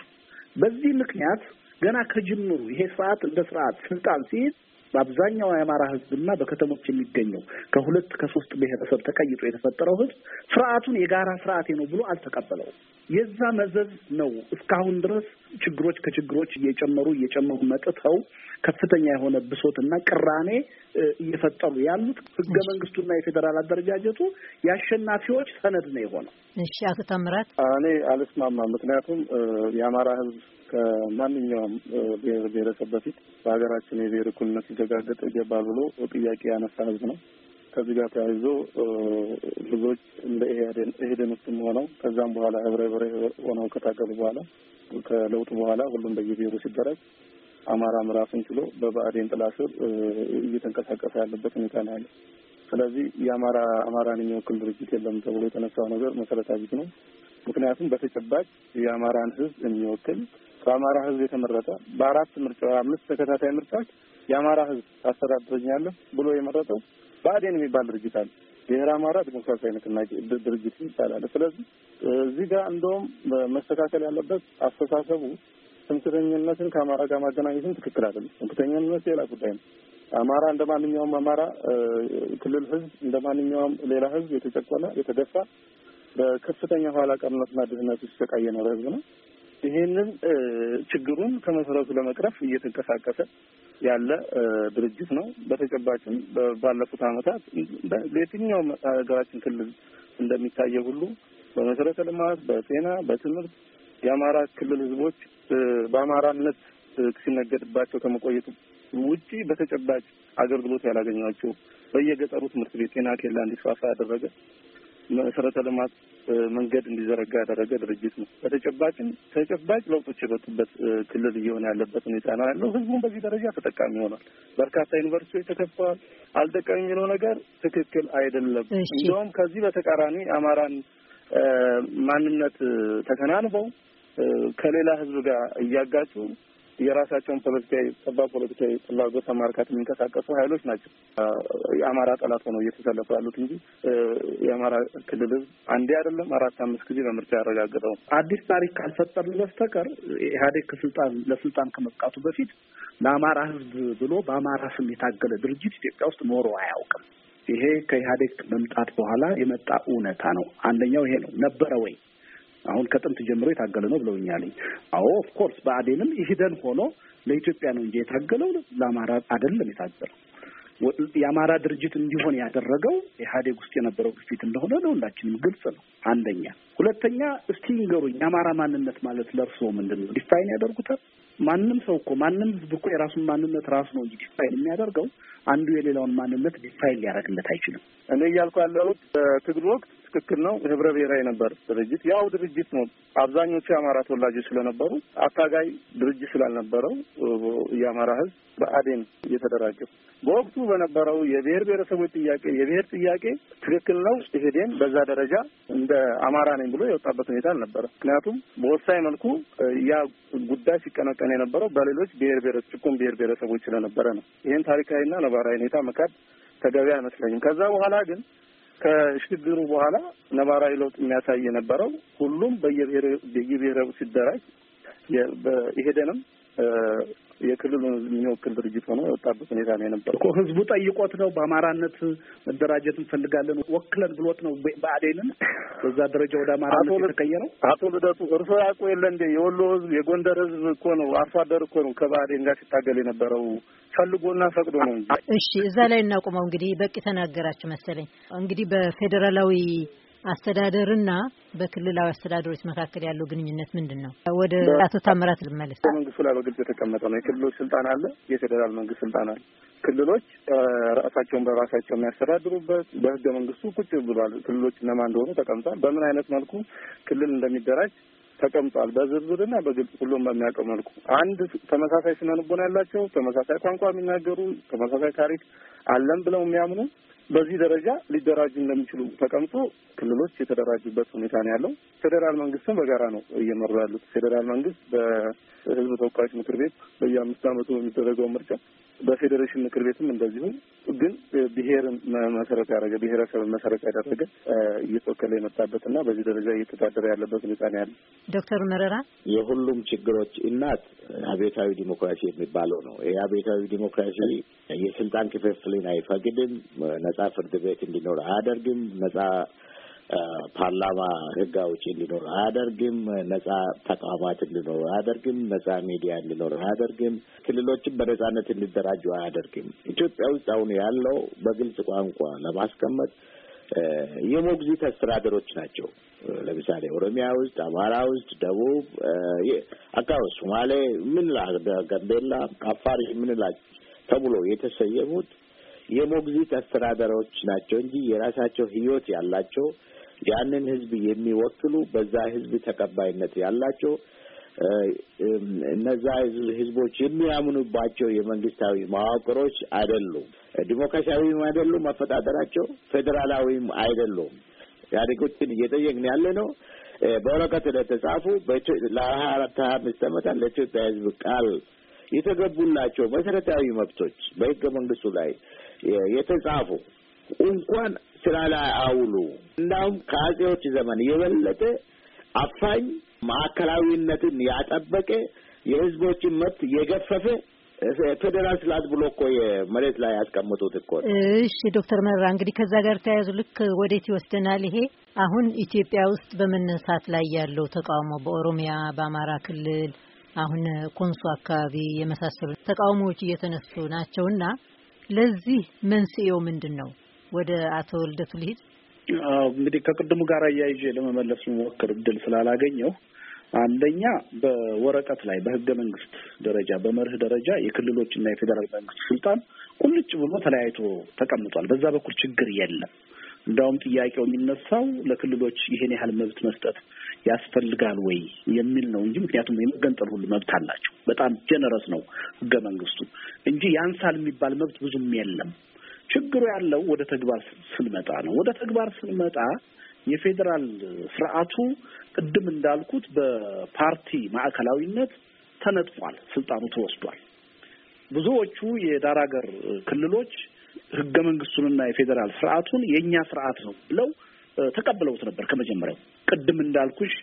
በዚህ ምክንያት ገና ከጅምሩ ይሄ ስርዓት እንደ ስርዓት ስልጣን ሲይዝ በአብዛኛው የአማራ ህዝብና በከተሞች የሚገኘው ከሁለት ከሶስት ብሔረሰብ ተቀይጦ የተፈጠረው ህዝብ ስርዓቱን የጋራ ስርዓቴ ነው ብሎ አልተቀበለውም። የዛ መዘዝ ነው እስካሁን ድረስ ችግሮች ከችግሮች እየጨመሩ እየጨመሩ መጥተው ከፍተኛ የሆነ ብሶትና ቅራኔ እየፈጠሩ ያሉት። ህገ መንግስቱና የፌዴራል አደረጃጀቱ የአሸናፊዎች ሰነድ ነው የሆነው። እሺ፣ አቶ ተምራት እኔ አልስማማ። ምክንያቱም የአማራ ህዝብ ከማንኛውም ብሔር ብሔረሰብ በፊት በሀገራችን የብሔር እኩልነት ሊረጋገጥ ይገባል ብሎ ጥያቄ ያነሳ ህዝብ ነው። ከዚህ ጋር ተያይዞ ብዙዎች እንደ ኢህአዴን ውስጥም ሆነው ከዛም በኋላ ህብረ ህብረ ሆነው ከታገሉ በኋላ ከለውጡ በኋላ ሁሉም በየብሔሩ ሲደረግ አማራ ምዕራፍን ችሎ በብአዴን ጥላ ስር እየተንቀሳቀሰ ያለበት ሁኔታ ነው ያለው። ስለዚህ የአማራ አማራን የሚወክል ድርጅት የለም ተብሎ የተነሳው ነገር መሰረታ ቢስ ነው። ምክንያቱም በተጨባጭ የአማራን ህዝብ የሚወክል በአማራ ህዝብ የተመረጠ በአራት ምርጫ አምስት ተከታታይ ምርጫዎች የአማራ ህዝብ ታስተዳድረኛለህ ብሎ የመረጠው ብአዴን የሚባል ድርጅት አለ። ብሔረ አማራ ዲሞክራሲያዊ ንቅናቄ ድርጅት ይባላል። ስለዚህ እዚህ ጋር እንደውም መስተካከል ያለበት አስተሳሰቡ ትምክተኝነትን ከአማራ ጋር ማገናኘትን ትክክል አይደለም። ትምክተኝነት ሌላ ጉዳይ ነው። አማራ እንደ ማንኛውም አማራ ክልል ህዝብ እንደ ማንኛውም ሌላ ህዝብ የተጨቆነ የተደፋ በከፍተኛ ኋላ ቀርነትና ድህነት የተሰቃየ ኖረ ህዝብ ነው። ይሄንን ችግሩን ከመሰረቱ ለመቅረፍ እየተንቀሳቀሰ ያለ ድርጅት ነው። በተጨባጭም ባለፉት አመታት በየትኛውም ሀገራችን ክልል እንደሚታየው ሁሉ በመሰረተ ልማት፣ በጤና፣ በትምህርት የአማራ ክልል ህዝቦች በአማራነት ሲነገድባቸው ከመቆየቱ ውጪ በተጨባጭ አገልግሎት ያላገኟቸው በየገጠሩ ትምህርት ቤት ጤና ኬላ እንዲስፋፋ ያደረገ መሰረተ ልማት መንገድ እንዲዘረጋ ያደረገ ድርጅት ነው። በተጨባጭም ተጨባጭ ለውጦች የመጡበት ክልል እየሆነ ያለበት ሁኔታ ነው ያለው። ህዝቡም በዚህ ደረጃ ተጠቃሚ ሆኗል። በርካታ ዩኒቨርሲቲዎች ተከፍተዋል። አልጠቀም የሚለው ነገር ትክክል አይደለም። እንዲሁም ከዚህ በተቃራኒ አማራን ማንነት ተከናንበው ከሌላ ህዝብ ጋር እያጋጩ የራሳቸውን ፖለቲካዊ ጠባብ ፖለቲካዊ ፍላጎት ለማርካት የሚንቀሳቀሱ ሀይሎች ናቸው የአማራ ጠላት ሆነው እየተሰለፉ ያሉት እንጂ የአማራ ክልል ህዝብ አንዴ አይደለም አራት አምስት ጊዜ በምርጫ ያረጋገጠው። አዲስ ታሪክ ካልፈጠርን በስተቀር ኢህአዴግ ከስልጣን ለስልጣን ከመብቃቱ በፊት ለአማራ ህዝብ ብሎ በአማራ ስም የታገለ ድርጅት ኢትዮጵያ ውስጥ ኖሮ አያውቅም። ይሄ ከኢህአዴግ መምጣት በኋላ የመጣ እውነታ ነው። አንደኛው ይሄ ነው። ነበረ ወይ አሁን ከጥንት ጀምሮ የታገለ ነው ብለውኛል። አዎ ኦፍኮርስ በአዴንም ኢህደን ሆኖ ለኢትዮጵያ ነው እንጂ የታገለው ለአማራ አይደለም የታገለው። የአማራ ድርጅት እንዲሆን ያደረገው ኢህአዴግ ውስጥ የነበረው ግፊት እንደሆነ ለሁላችንም ግልጽ ነው። አንደኛ። ሁለተኛ፣ እስቲ ንገሩኝ፣ የአማራ ማንነት ማለት ለእርስዎ ምንድን ነው? ዲፋይን ያደርጉታል? ማንም ሰው እኮ ማንም ህዝብ እኮ የራሱን ማንነት ራሱ ነው እንጂ ዲፋይን የሚያደርገው አንዱ የሌላውን ማንነት ዲፋይን ሊያደርግለት አይችልም። እኔ እያልኩ ያለሁት በትግል ወቅት ትክክል ነው። ህብረ ብሔራዊ ነበር ድርጅት። ያው ድርጅት ነው። አብዛኞቹ የአማራ ተወላጆች ስለነበሩ አታጋይ ድርጅት ስላልነበረው የአማራ ህዝብ በአዴን እየተደራጀው በወቅቱ በነበረው የብሔር ብሔረሰቦች ጥያቄ የብሔር ጥያቄ ትክክል ነው። ኢህዴን በዛ ደረጃ እንደ አማራ ነኝ ብሎ የወጣበት ሁኔታ አልነበረ። ምክንያቱም በወሳኝ መልኩ ያ ጉዳይ ሲቀነቀን የነበረው በሌሎች ብሔር ብሔረ ጭቁን ብሔር ብሔረሰቦች ስለነበረ ነው። ይህን ታሪካዊና ነባራዊ ሁኔታ መካድ ተገቢ አይመስለኝም። ከዛ በኋላ ግን ከሽግግሩ በኋላ ነባራዊ ለውጥ የሚያሳይ የነበረው ሁሉም በየብሔረው ሲደራጅ ይሄደንም የክልሉን ህዝብ የሚወክል ድርጅት ሆኖ የወጣበት ሁኔታ ነው የነበረው እኮ ህዝቡ ጠይቆት ነው። በአማራነት መደራጀት እንፈልጋለን ወክለን ብሎት ነው በአዴንን በዛ ደረጃ ወደ አማራነት የተቀየረው። አቶ ልደቱ እርስዎ ያውቁ የለ እንዴ? የወሎ ህዝብ የጎንደር ህዝብ እኮ ነው አርሶ አደር እኮ ነው ከባአዴን ጋር ሲታገል የነበረው ፈልጎና ፈቅዶ ነው እንጂ። እሺ እዛ ላይ እናቁመው እንግዲህ በቂ ተናገራችሁ መሰለኝ። እንግዲህ በፌዴራላዊ አስተዳደርና በክልላዊ አስተዳደሮች መካከል ያለው ግንኙነት ምንድን ነው? ወደ አቶ ታምራት ልመለስ። መንግስቱ ላይ በግልጽ የተቀመጠ ነው። የክልሎች ስልጣን አለ፣ የፌዴራል መንግስት ስልጣን አለ። ክልሎች ራሳቸውን በራሳቸው የሚያስተዳድሩበት በህገ መንግስቱ ቁጭ ብሏል። ክልሎች እነማን እንደሆኑ ተቀምጧል። በምን አይነት መልኩ ክልል እንደሚደራጅ ተቀምጧል። በዝርዝርና በግልጽ ሁሉም በሚያውቀው መልኩ አንድ ተመሳሳይ ስነ ልቦና ያላቸው ተመሳሳይ ቋንቋ የሚናገሩ ተመሳሳይ ታሪክ አለን ብለው የሚያምኑ በዚህ ደረጃ ሊደራጁ እንደሚችሉ ተቀምጦ ክልሎች የተደራጁበት ሁኔታ ነው ያለው። ፌዴራል መንግስትም በጋራ ነው እየመሩ ያሉት። ፌዴራል መንግስት በህዝብ ተወካዮች ምክር ቤት በየአምስት ዓመቱ በሚደረገው ምርጫ በፌዴሬሽን ምክር ቤትም እንደዚሁ ግን ብሔርን መሰረት ያደረገ ብሔረሰብን መሰረት ያደረገ እየተወከለ የመጣበት እና በዚህ ደረጃ እየተዳደረ ያለበት ሁኔታ ነው ያለ። ዶክተር መረራ የሁሉም ችግሮች እናት አቤታዊ ዲሞክራሲ የሚባለው ነው። ይህ አቤታዊ ዲሞክራሲ የስልጣን ክፍፍልን አይፈቅድም፣ ነጻ ፍርድ ቤት እንዲኖር አያደርግም፣ ነጻ ፓርላማ ህግ አውጪ እንዲኖር አያደርግም። ነጻ ተቋማት እንዲኖር አያደርግም። ነጻ ሚዲያ እንዲኖር አያደርግም። ክልሎችን በነጻነት እንዲደራጁ አያደርግም። ኢትዮጵያ ውስጥ አሁን ያለው በግልጽ ቋንቋ ለማስቀመጥ የሞግዚት አስተዳደሮች ናቸው። ለምሳሌ ኦሮሚያ ውስጥ፣ አማራ ውስጥ፣ ደቡብ አካባቢ፣ ሶማሌ፣ ምንላ፣ ጋምቤላ፣ አፋር ምንላ ተብሎ የተሰየሙት የሞግዚት አስተዳደሮች ናቸው እንጂ የራሳቸው ህይወት ያላቸው ያንን ህዝብ የሚወክሉ በዛ ህዝብ ተቀባይነት ያላቸው እነዛ ህዝቦች የሚያምኑባቸው የመንግስታዊ መዋቅሮች አይደሉም። ዲሞክራሲያዊም አይደሉም አፈጣጠራቸው፣ ፌዴራላዊም አይደሉም። ኢህአዴጎችን እየጠየቅን ያለ ነው። በወረቀት ለተጻፉ ለሀያ አራት ሀያ አምስት ዓመታት ለኢትዮጵያ ህዝብ ቃል የተገቡላቸው መሰረታዊ መብቶች በህገ መንግስቱ ላይ የተጻፉ እንኳን ስራ ላይ አውሉ። እንዳውም ከአጼዎች ዘመን የበለጠ አፋኝ ማዕከላዊነትን ያጠበቀ የህዝቦችን መብት የገፈፈ ፌዴራል ስላት ብሎ እኮ የመሬት ላይ ያስቀምጡት እኮ። እሺ ዶክተር መረራ እንግዲህ ከዛ ጋር ተያያዙ ልክ ወዴት ይወስደናል ይሄ? አሁን ኢትዮጵያ ውስጥ በመነሳት ላይ ያለው ተቃውሞ በኦሮሚያ፣ በአማራ ክልል አሁን ኮንሶ አካባቢ የመሳሰሉ ተቃውሞዎች እየተነሱ ናቸውና ለዚህ መንስኤው ምንድን ነው? ወደ አቶ ወልደቱ ልሂድ። እንግዲህ ከቅድሙ ጋር አያይዤ ለመመለስ መሞክር እድል ስላላገኘው አንደኛ በወረቀት ላይ በህገ መንግስት ደረጃ በመርህ ደረጃ የክልሎችና የፌዴራል መንግስት ስልጣን ቁልጭ ብሎ ተለያይቶ ተቀምጧል። በዛ በኩል ችግር የለም። እንዳውም ጥያቄው የሚነሳው ለክልሎች ይሄን ያህል መብት መስጠት ያስፈልጋል ወይ የሚል ነው እንጂ ምክንያቱም የመገንጠል ሁሉ መብት አላቸው። በጣም ጀነረስ ነው ህገ መንግስቱ እንጂ ያንሳል የሚባል መብት ብዙም የለም። ችግሩ ያለው ወደ ተግባር ስንመጣ ነው። ወደ ተግባር ስንመጣ የፌዴራል ስርዓቱ ቅድም እንዳልኩት በፓርቲ ማዕከላዊነት ተነጥፏል፣ ስልጣኑ ተወስዷል። ብዙዎቹ የዳር ሀገር ክልሎች ህገ መንግስቱንና የፌዴራል ስርዓቱን የእኛ ስርዓት ነው ብለው ተቀብለውት ነበር ከመጀመሪያው። ቅድም እንዳልኩሽ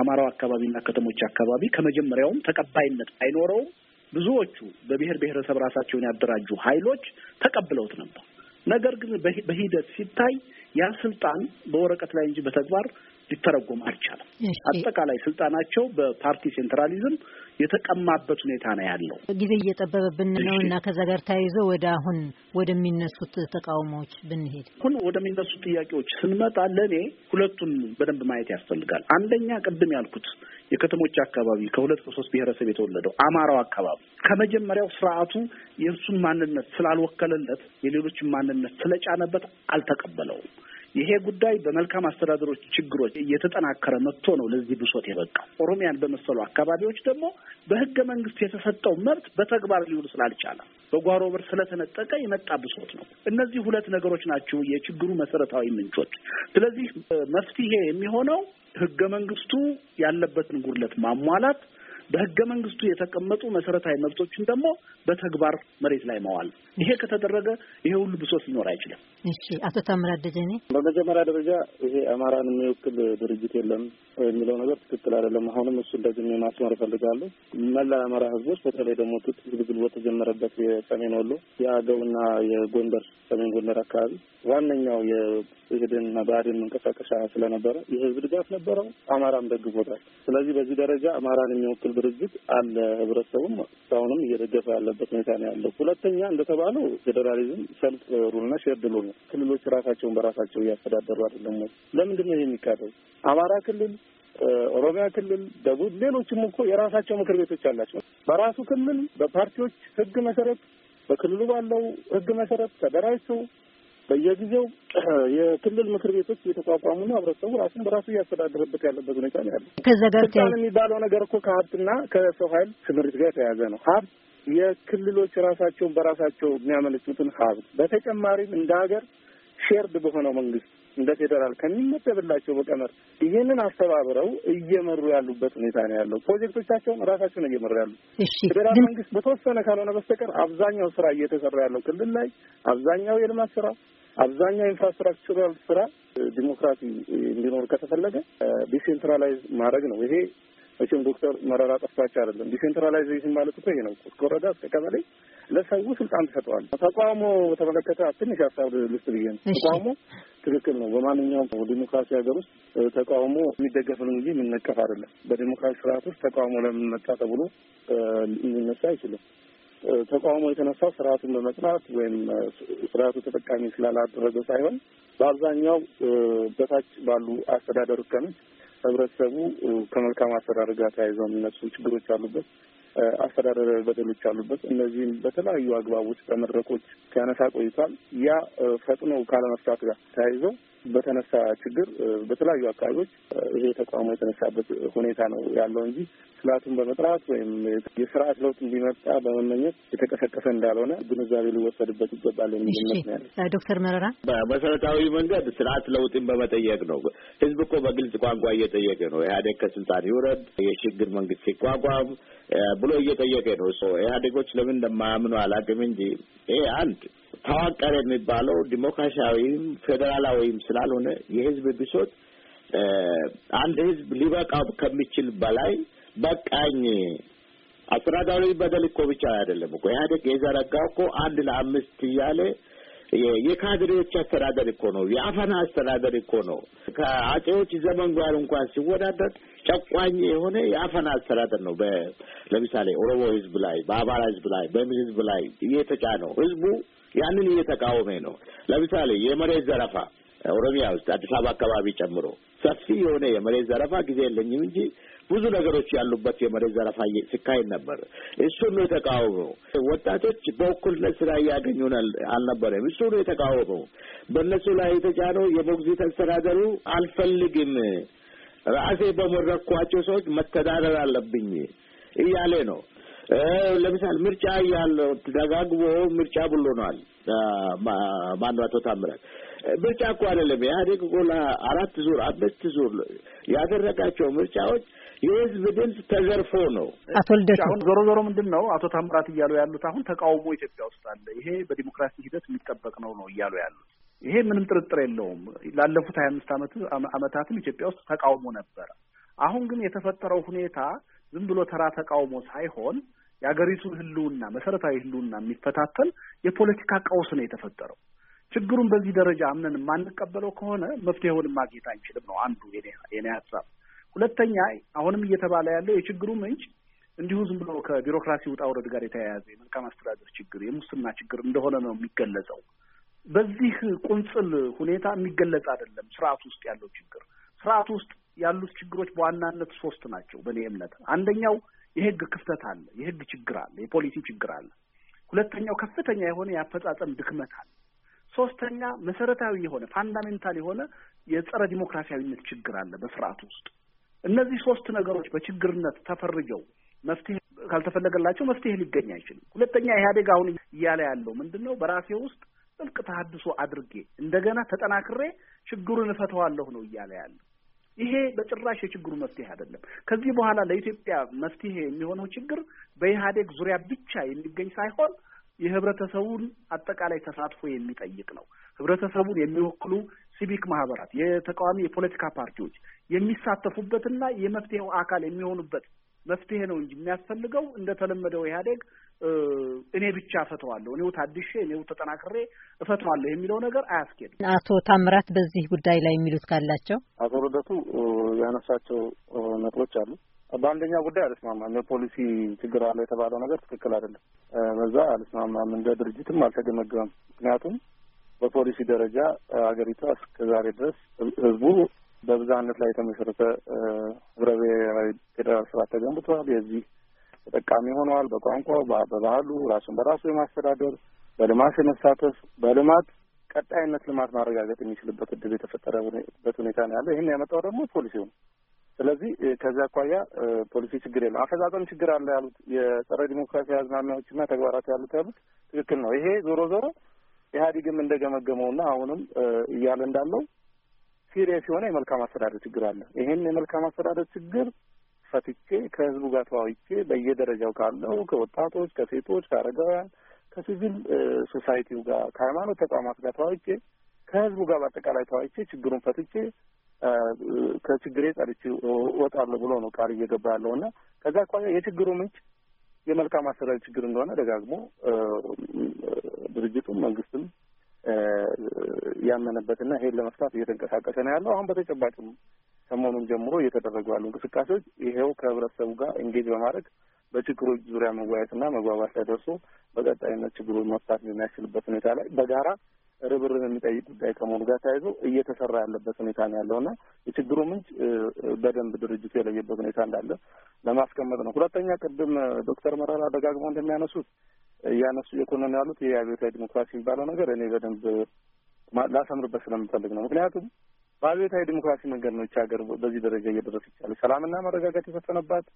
አማራው አካባቢና ከተሞች አካባቢ ከመጀመሪያውም ተቀባይነት አይኖረውም። ብዙዎቹ በብሔር ብሔረሰብ ራሳቸውን ያደራጁ ኃይሎች ተቀብለውት ነበር። ነገር ግን በሂደት ሲታይ ያ ስልጣን በወረቀት ላይ እንጂ በተግባር ሊተረጎም አልቻለም። አጠቃላይ ስልጣናቸው በፓርቲ ሴንትራሊዝም የተቀማበት ሁኔታ ነው ያለው። ጊዜ እየጠበበብን ነው እና ከዛ ጋር ተያይዞ ወደ አሁን ወደሚነሱት ተቃውሞዎች ብንሄድ አሁን ወደሚነሱት ጥያቄዎች ስንመጣ ለእኔ ሁለቱን በደንብ ማየት ያስፈልጋል። አንደኛ ቅድም ያልኩት የከተሞች አካባቢ ከሁለት ከሶስት ብሔረሰብ የተወለደው አማራው አካባቢ ከመጀመሪያው ስርዓቱ የእሱን ማንነት ስላልወከለለት የሌሎችን ማንነት ስለጫነበት አልተቀበለውም። ይሄ ጉዳይ በመልካም አስተዳደሮች ችግሮች እየተጠናከረ መጥቶ ነው ለዚህ ብሶት የበቃው። ኦሮሚያን በመሰሉ አካባቢዎች ደግሞ በህገ መንግስት የተሰጠው መብት በተግባር ሊውል ስላልቻለ በጓሮ በር ስለተነጠቀ የመጣ ብሶት ነው። እነዚህ ሁለት ነገሮች ናቸው የችግሩ መሰረታዊ ምንጮች። ስለዚህ መፍትሄ የሚሆነው ህገ መንግስቱ ያለበትን ጉድለት ማሟላት በህገ መንግስቱ የተቀመጡ መሰረታዊ መብቶችን ደግሞ በተግባር መሬት ላይ መዋል። ይሄ ከተደረገ ይሄ ሁሉ ብሶት ሊኖር አይችልም። እሺ፣ አቶ ታምራት ደጀኔ፣ በመጀመሪያ ደረጃ ይሄ አማራን የሚወክል ድርጅት የለም የሚለው ነገር ትክክል አይደለም። አሁንም እሱ እንደዚህ ማስመር እፈልጋለሁ። መላ አማራ ህዝቦች፣ በተለይ ደግሞ ትጥቅ ግልግል በተጀመረበት የሰሜን ወሎ የአገውና የጎንደር ሰሜን ጎንደር አካባቢ ዋነኛው የኢህድንና ብአዴን መንቀሳቀሻ ስለነበረ የህዝብ ድጋፍ ነበረው። አማራም ደግፎታል። ስለዚህ በዚህ ደረጃ አማራን የሚወክል ድርጅት አለ። ህብረተሰቡም እስካሁንም እየደገፈ ያለበት ሁኔታ ነው ያለው። ሁለተኛ እንደተባለው ፌዴራሊዝም ሰልፍ ሩልና ሼርድ ነው። ክልሎች ራሳቸውን በራሳቸው እያስተዳደሩ አይደለም ወይ? ለምንድን ነው ይሄ የሚካተው? አማራ ክልል፣ ኦሮሚያ ክልል፣ ደቡብ፣ ሌሎችም እኮ የራሳቸው ምክር ቤቶች አላቸው። በራሱ ክልል በፓርቲዎች ህግ መሰረት በክልሉ ባለው ህግ መሰረት ተደራጅቶ በየጊዜው [clears throat] የክልል ምክር ቤቶች ነው። ህብረተሰቡ ራሱን በራሱ እያስተዳደረበት ያለበት ሁኔታ ነው ያለው። ስልጣን የሚባለው ነገር እኮ ከሀብትና ከሰው ኃይል ስምሪት ጋር የተያያዘ ነው። ሀብት የክልሎች ራሳቸውን በራሳቸው የሚያመነጩትን ሀብት በተጨማሪም እንደ ሀገር ሼርድ በሆነው መንግስት እንደ ፌዴራል ከሚመደብላቸው በቀመር ይህንን አስተባብረው እየመሩ ያሉበት ሁኔታ ነው ያለው። ፕሮጀክቶቻቸውን ራሳቸው ነው እየመሩ ያሉት። ፌዴራል መንግስት በተወሰነ ካልሆነ በስተቀር አብዛኛው ስራ እየተሰራ ያለው ክልል ላይ አብዛኛው የልማት ስራ አብዛኛው ኢንፍራስትራክቸራል ስራ ዲሞክራሲ እንዲኖር ከተፈለገ ዲሴንትራላይዝ ማድረግ ነው። ይሄ መቼም ዶክተር መረራ ጠፍቷቸው አይደለም። ዲሴንትራላይዜሽን ማለት እኮ ይሄ ነው። እስከ እስከ ቀበሌ ለሰው ስልጣን ተሰጠዋል። ተቃውሞ በተመለከተ ትንሽ ሀሳብ ልስጥ ብዬ ነው። ተቃውሞ ትክክል ነው። በማንኛውም ዲሞክራሲ ሀገር ውስጥ ተቃውሞ የሚደገፍ ነው እንጂ የሚነቀፍ አይደለም። በዲሞክራሲ ስርዓት ውስጥ ተቃውሞ ለምን መጣ ተብሎ ሊነሳ አይችልም። ተቃውሞ የተነሳው ስርዓቱን በመጥናት ወይም ስርዓቱ ተጠቃሚ ስላላደረገ ሳይሆን በአብዛኛው በታች ባሉ አስተዳደር እርከኖች ህብረተሰቡ ከመልካም አስተዳደር ጋር ተያይዞ የሚነሱ ችግሮች አሉበት፣ አስተዳደር በደሎች አሉበት። እነዚህም በተለያዩ አግባቦች በመድረኮች ሲያነሳ ቆይቷል። ያ ፈጥኖ ካለመፍታት ጋር ተያይዘው በተነሳ ችግር በተለያዩ አካባቢዎች ይሄ ተቃውሞ የተነሳበት ሁኔታ ነው ያለው እንጂ ስርዓቱን በመጥራት ወይም የስርዓት ለውጥ እንዲመጣ በመመኘት የተቀሰቀሰ እንዳልሆነ ግንዛቤ ሊወሰድበት ይገባል ያለ ዶክተር መረራ በመሰረታዊ መንገድ ስርዓት ለውጥን በመጠየቅ ነው። ህዝብ እኮ በግልጽ ቋንቋ እየጠየቀ ነው። ኢህአዴግ ከስልጣን ይውረድ፣ የሽግግር መንግስት ሲቋቋም ብሎ እየጠየቀ ነው። ኢህአዴጎች ለምን እንደማያምኑ አላውቅም እንጂ ይሄ አንድ ተዋቀር የሚባለው ዲሞክራሲያዊም ፌዴራላዊም ስላልሆነ የህዝብ ብሶት አንድ ህዝብ ሊበቃው ከሚችል በላይ በቃኝ አስተዳዳሪ በደል እኮ ብቻ አይደለም እኮ ኢህአዴግ የዘረጋው እኮ አንድ ለአምስት እያለ የካድሬዎች አስተዳደር እኮ ነው። የአፈና አስተዳደር እኮ ነው። ከአጼዎች ዘመን ጋር እንኳን ሲወዳደር ጨቋኝ የሆነ የአፈና አስተዳደር ነው። ለምሳሌ ኦሮሞ ህዝብ ላይ፣ በአማራ ህዝብ ላይ፣ በምን ህዝብ ላይ እየተጫነው ህዝቡ ያንን እየተቃወመ ነው። ለምሳሌ የመሬት ዘረፋ ኦሮሚያ ውስጥ አዲስ አበባ አካባቢ ጨምሮ ሰፊ የሆነ የመሬት ዘረፋ ጊዜ የለኝም እንጂ ብዙ ነገሮች ያሉበት የመሬት ዘረፋ ሲካሄድ ነበር። እሱ ነው የተቃወመው። ወጣቶች በእኩልነት ስራ እያገኙ አልነበረም። እሱ ነው የተቃወመው። በእነሱ ላይ የተጫነው የሞግዚት አስተዳደሩ አልፈልግም፣ ራሴ በመረኳቸው ሰዎች መተዳደር አለብኝ እያለ ነው ለምሳሌ ምርጫ ያለው ደጋግሞ ምርጫ ብሎናል። ማነው አቶ ታምራት ምርጫ እኮ አይደለም ኢህአዴግ እኮ ለአራት ዙር አምስት ዙር ያደረጋቸው ምርጫዎች የህዝብ ድምፅ ተዘርፎ ነው። አቶ ልደቱ አሁን ዞሮ ዞሮ ምንድን ነው አቶ ታምራት እያሉ ያሉት አሁን ተቃውሞ ኢትዮጵያ ውስጥ አለ፣ ይሄ በዲሞክራሲ ሂደት የሚጠበቅ ነው ነው እያሉ ያሉት። ይሄ ምንም ጥርጥር የለውም። ላለፉት ሀያ አምስት አመት አመታትም ኢትዮጵያ ውስጥ ተቃውሞ ነበረ። አሁን ግን የተፈጠረው ሁኔታ ዝም ብሎ ተራ ተቃውሞ ሳይሆን የአገሪቱን ህልውና መሰረታዊ ህልውና የሚፈታተን የፖለቲካ ቀውስ ነው የተፈጠረው። ችግሩን በዚህ ደረጃ አምነን የማንቀበለው ከሆነ መፍትሄውን ማግኘት አንችልም ነው አንዱ የኔ ሀሳብ። ሁለተኛ አሁንም እየተባለ ያለው የችግሩ ምንጭ እንዲሁ ዝም ብሎ ከቢሮክራሲ ውጣ ውረድ ጋር የተያያዘ የመልካም አስተዳደር ችግር፣ የሙስና ችግር እንደሆነ ነው የሚገለጸው። በዚህ ቁንጽል ሁኔታ የሚገለጽ አይደለም ስርዓት ውስጥ ያለው ችግር። ስርዓት ውስጥ ያሉት ችግሮች በዋናነት ሶስት ናቸው በእኔ እምነት። አንደኛው የህግ ክፍተት አለ፣ የህግ ችግር አለ፣ የፖሊሲ ችግር አለ። ሁለተኛው ከፍተኛ የሆነ የአፈጻጸም ድክመት አለ። ሶስተኛ መሰረታዊ የሆነ ፋንዳሜንታል የሆነ የጸረ ዲሞክራሲያዊነት ችግር አለ በስርዓቱ ውስጥ። እነዚህ ሶስት ነገሮች በችግርነት ተፈርጀው መፍትሄ ካልተፈለገላቸው መፍትሄ ሊገኝ አይችልም። ሁለተኛ ኢህአዴግ አሁን እያለ ያለው ምንድን ነው? በራሴ ውስጥ ጥልቅ ተሀድሶ አድርጌ እንደገና ተጠናክሬ ችግሩን እፈተዋለሁ ነው እያለ ያለው። ይሄ በጭራሽ የችግሩ መፍትሄ አይደለም። ከዚህ በኋላ ለኢትዮጵያ መፍትሄ የሚሆነው ችግር በኢህአዴግ ዙሪያ ብቻ የሚገኝ ሳይሆን የህብረተሰቡን አጠቃላይ ተሳትፎ የሚጠይቅ ነው። ህብረተሰቡን የሚወክሉ ሲቪክ ማህበራት፣ የተቃዋሚ የፖለቲካ ፓርቲዎች የሚሳተፉበትና የመፍትሄው አካል የሚሆኑበት መፍትሄ ነው እንጂ የሚያስፈልገው እንደተለመደው ኢህአዴግ እኔ ብቻ እፈተዋለሁ፣ እኔው ታድሼ፣ እኔው ተጠናክሬ እፈተዋለሁ የሚለው ነገር አያስኬድም። አቶ ታምራት በዚህ ጉዳይ ላይ የሚሉት ካላቸው። አቶ ረደቱ ያነሳቸው ነጥቦች አሉ። በአንደኛው ጉዳይ አልስማማም። የፖሊሲ ችግር አለ የተባለው ነገር ትክክል አይደለም። በዛ አልስማማም። እንደ ድርጅትም አልተገመገመም። ምክንያቱም በፖሊሲ ደረጃ ሀገሪቷ እስከ ዛሬ ድረስ ህዝቡ በብዝሃነት ላይ የተመሰረተ ህብረ ብሔራዊ ፌዴራል ስርዓት የዚህ ተጠቃሚ ሆነዋል። በቋንቋው፣ በባህሉ ራሱን በራሱ የማስተዳደር በልማት የመሳተፍ በልማት ቀጣይነት ልማት ማረጋገጥ የሚችልበት እድል የተፈጠረበት ሁኔታ ነው ያለው። ይህን ያመጣው ደግሞ ፖሊሲው ነው። ስለዚህ ከዚህ አኳያ ፖሊሲ ችግር የለም። አፈጻጸም ችግር አለ ያሉት የጸረ ዲሞክራሲ አዝማሚያዎችና ተግባራት ያሉት ያሉት ትክክል ነው። ይሄ ዞሮ ዞሮ ኢህአዴግም እንደገመገመውና አሁንም እያለ እንዳለው ሲሪየስ የሆነ የመልካም አስተዳደር ችግር አለ። ይህን የመልካም አስተዳደር ችግር ፈትቼ ከህዝቡ ጋር ተዋውቼ በየደረጃው ካለው ከወጣቶች፣ ከሴቶች፣ ከአረጋውያን፣ ከሲቪል ሶሳይቲው ጋር ከሃይማኖት ተቋማት ጋር ተዋውቼ ከህዝቡ ጋር በአጠቃላይ ተዋውቼ ችግሩን ፈትቼ ከችግሬ ጸድቼ እወጣለሁ ብሎ ነው ቃል እየገባ ያለው እና ከዛ አኳያ የችግሩ ምንጭ የመልካም አሰራር ችግር እንደሆነ ደጋግሞ ድርጅቱም መንግስትም ያመነበትና ይሄን ለመፍታት እየተንቀሳቀሰ ነው ያለው። አሁን በተጨባጭም ሰሞኑን ጀምሮ እየተደረጉ ያሉ እንቅስቃሴዎች ይሄው ከህብረተሰቡ ጋር እንጌጅ በማድረግ በችግሮች ዙሪያ መወያየትና መግባባት ላይ ደርሶ በቀጣይነት ችግሩን መፍታት የሚያስችልበት ሁኔታ ላይ በጋራ ርብርብ የሚጠይቅ ጉዳይ ከመሆኑ ጋር ተያይዞ እየተሰራ ያለበት ሁኔታ ነው ያለው እና የችግሩ ምንጭ በደንብ ድርጅቱ የለየበት ሁኔታ እንዳለ ለማስቀመጥ ነው። ሁለተኛ ቅድም ዶክተር መረራ ደጋግመው እንደሚያነሱት እያነሱ እየኮነኑ ያሉት የአብዮታዊ ዲሞክራሲ የሚባለው ነገር እኔ በደንብ ላሰምርበት ስለምፈልግ ነው። ምክንያቱም በአብዮታዊ ዲሞክራሲ መንገድ ነው ይህች ሀገር በዚህ ደረጃ እየደረስ ያለች ሰላምና መረጋጋት የሰፈነባት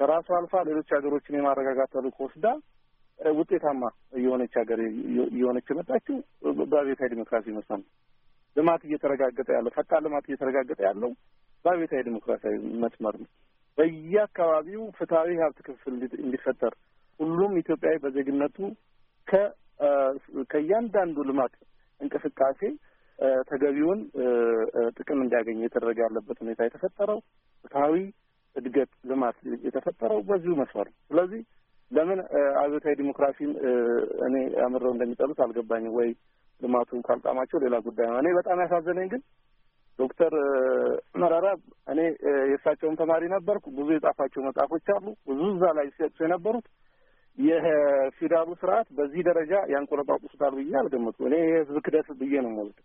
ከራሱ አልፋ ሌሎች ሀገሮችን የማረጋጋት ተልዕኮ ወስዳ ውጤታማ እየሆነች ሀገር እየሆነች የመጣችው በአብዮታዊ ዲሞክራሲ መስመር ነው። ልማት እየተረጋገጠ ያለው ፈጣን ልማት እየተረጋገጠ ያለው በአብዮታዊ ዲሞክራሲያዊ መስመር ነው። በየአካባቢው ፍትሐዊ ሀብት ክፍል እንዲፈጠር ሁሉም ኢትዮጵያዊ በዜግነቱ ከ ከእያንዳንዱ ልማት እንቅስቃሴ ተገቢውን ጥቅም እንዲያገኝ የተደረገ ያለበት ሁኔታ የተፈጠረው ፍትሐዊ እድገት ልማት የተፈጠረው በዚሁ መስመር ነው። ስለዚህ ለምን አብዮታዊ ዲሞክራሲን እኔ አምረው እንደሚጠሉት አልገባኝም። ወይ ልማቱን ካልጣማቸው ሌላ ጉዳይ ነው። እኔ በጣም ያሳዘነኝ ግን ዶክተር መረራ እኔ የእሳቸውም ተማሪ ነበርኩ። ብዙ የጻፋቸው መጽሐፎች አሉ። ብዙ እዛ ላይ ሲሰጡ የነበሩት የፊውዳሉ ስርዓት በዚህ ደረጃ ያንቆለጳቁሱታል ብዬ አልገመቱ። እኔ የህዝብ ክደት ብዬ ነው ሞልድ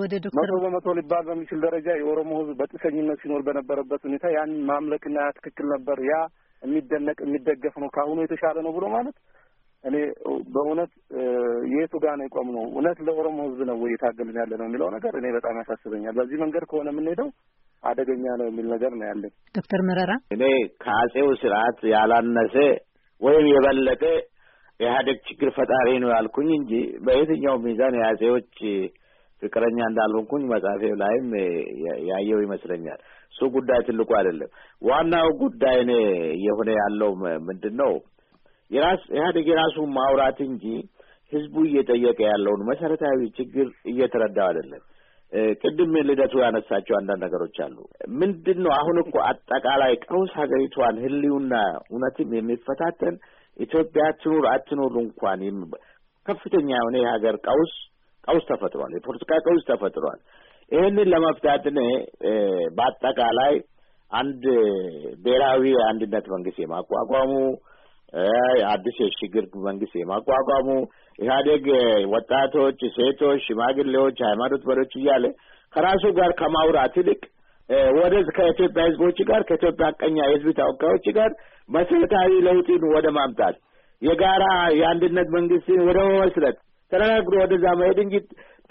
ወደ ዶክተር መቶ በመቶ ሊባል በሚችል ደረጃ የኦሮሞ ህዝብ በጥሰኝነት ሲኖር በነበረበት ሁኔታ ያን ማምለክና ትክክል ነበር ያ የሚደነቅ የሚደገፍ ነው፣ ከአሁኑ የተሻለ ነው ብሎ ማለት እኔ በእውነት የቱ ጋር ነው የቆም ነው? እውነት ለኦሮሞ ህዝብ ነው ወይ የታገልን ያለ ነው የሚለው ነገር እኔ በጣም ያሳስበኛል። በዚህ መንገድ ከሆነ የምንሄደው አደገኛ ነው የሚል ነገር ነው ያለኝ። ዶክተር መረራ እኔ ከአጼው ስርዓት ያላነሰ ወይም የበለጠ ኢህአዴግ ችግር ፈጣሪ ነው ያልኩኝ እንጂ በየትኛው ሚዛን የአጼዎች ፍቅረኛ እንዳልሆንኩኝ መጽሐፌ ላይም ያየው ይመስለኛል። እሱ ጉዳይ ትልቁ አይደለም። ዋናው ጉዳይ እኔ የሆነ ያለው ምንድን ነው የራስ ኢህአዴግ የራሱ ማውራት እንጂ ህዝቡ እየጠየቀ ያለውን መሰረታዊ ችግር እየተረዳው አይደለም። ቅድም ልደቱ ያነሳቸው አንዳንድ ነገሮች አሉ። ምንድን ነው አሁን እኮ አጠቃላይ ቀውስ ሀገሪቷን ህልውና እውነትም የሚፈታተን ኢትዮጵያ ትኑር አትኑር እንኳን ከፍተኛ የሆነ የሀገር ቀውስ ቀውስ ተፈጥሯል። የፖለቲካ ቀውስ ተፈጥሯል። ይህንን ለመፍታት እኔ በአጠቃላይ አንድ ብሔራዊ አንድነት መንግስት የማቋቋሙ አዲስ የሽግግር መንግስት የማቋቋሙ ኢህአዴግ ወጣቶች፣ ሴቶች፣ ሽማግሌዎች፣ ሃይማኖት መሪዎች እያለ ከራሱ ጋር ከማውራት ይልቅ ወደ ከኢትዮጵያ ህዝቦች ጋር ከኢትዮጵያ ቀኛ የህዝብ ተወካዮች ጋር መሰረታዊ ለውጥን ወደ ማምጣት የጋራ የአንድነት መንግስትን ወደ መመስረት ተነጋግሮ ወደዛ መሄድ እንጂ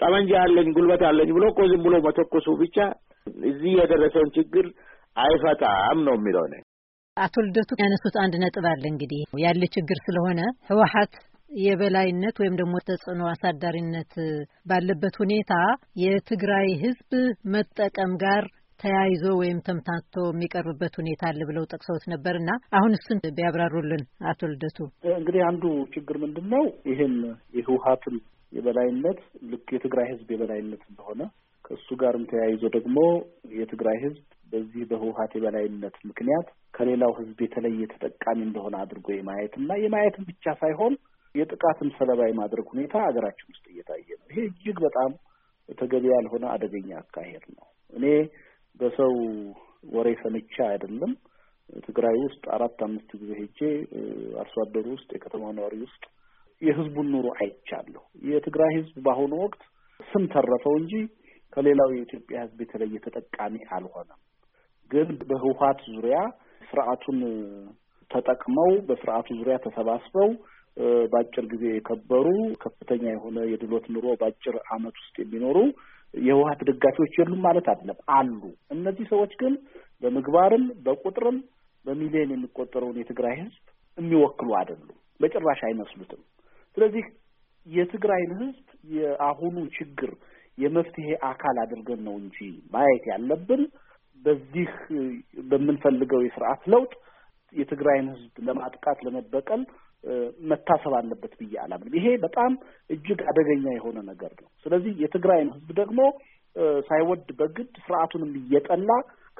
ጠመንጃ አለኝ ጉልበት አለኝ ብሎ እኮ ዝም ብሎ መተኮሱ ብቻ እዚህ የደረሰውን ችግር አይፈታም ነው የሚለው ነ አቶ ልደቱ ያነሱት አንድ ነጥብ አለ። እንግዲህ ያለ ችግር ስለሆነ ህወሀት የበላይነት ወይም ደግሞ ተጽዕኖ አሳዳሪነት ባለበት ሁኔታ የትግራይ ህዝብ መጠቀም ጋር ተያይዞ ወይም ተምታቶ የሚቀርብበት ሁኔታ አለ ብለው ጠቅሰውት ነበር እና አሁን እሱን ቢያብራሩልን አቶ ልደቱ። እንግዲህ አንዱ ችግር ምንድን ነው? ይህን የህወሀትን የበላይነት ልክ የትግራይ ህዝብ የበላይነት እንደሆነ ከእሱ ጋርም ተያይዞ ደግሞ የትግራይ ህዝብ በዚህ በህወሀት የበላይነት ምክንያት ከሌላው ህዝብ የተለየ ተጠቃሚ እንደሆነ አድርጎ የማየት እና የማየትን ብቻ ሳይሆን የጥቃትም ሰለባ የማድረግ ሁኔታ ሀገራችን ውስጥ እየታየ ነው። ይሄ እጅግ በጣም ተገቢ ያልሆነ አደገኛ አካሄድ ነው። እኔ በሰው ወሬ ሰምቻ አይደለም። ትግራይ ውስጥ አራት አምስት ጊዜ ሄጄ አርሶ አደሩ ውስጥ፣ የከተማ ነዋሪ ውስጥ የህዝቡን ኑሮ አይቻለሁ። የትግራይ ህዝብ በአሁኑ ወቅት ስም ተረፈው እንጂ ከሌላው የኢትዮጵያ ህዝብ የተለየ ተጠቃሚ አልሆነም። ግን በህወሀት ዙሪያ ስርዓቱን ተጠቅመው በስርዓቱ ዙሪያ ተሰባስበው በአጭር ጊዜ የከበሩ ከፍተኛ የሆነ የድሎት ኑሮ በአጭር አመት ውስጥ የሚኖሩ የህወሀት ደጋፊዎች የሉም ማለት አይደለም፣ አሉ። እነዚህ ሰዎች ግን በምግባርም በቁጥርም በሚሊዮን የሚቆጠረውን የትግራይ ህዝብ የሚወክሉ አይደሉም። በጭራሽ አይመስሉትም። ስለዚህ የትግራይን ህዝብ የአሁኑ ችግር የመፍትሄ አካል አድርገን ነው እንጂ ማየት ያለብን በዚህ በምንፈልገው የስርዓት ለውጥ የትግራይን ህዝብ ለማጥቃት ለመበቀል መታሰብ አለበት ብዬ አላምንም። ይሄ በጣም እጅግ አደገኛ የሆነ ነገር ነው። ስለዚህ የትግራይን ህዝብ ደግሞ ሳይወድ በግድ ስርዓቱንም እየጠላ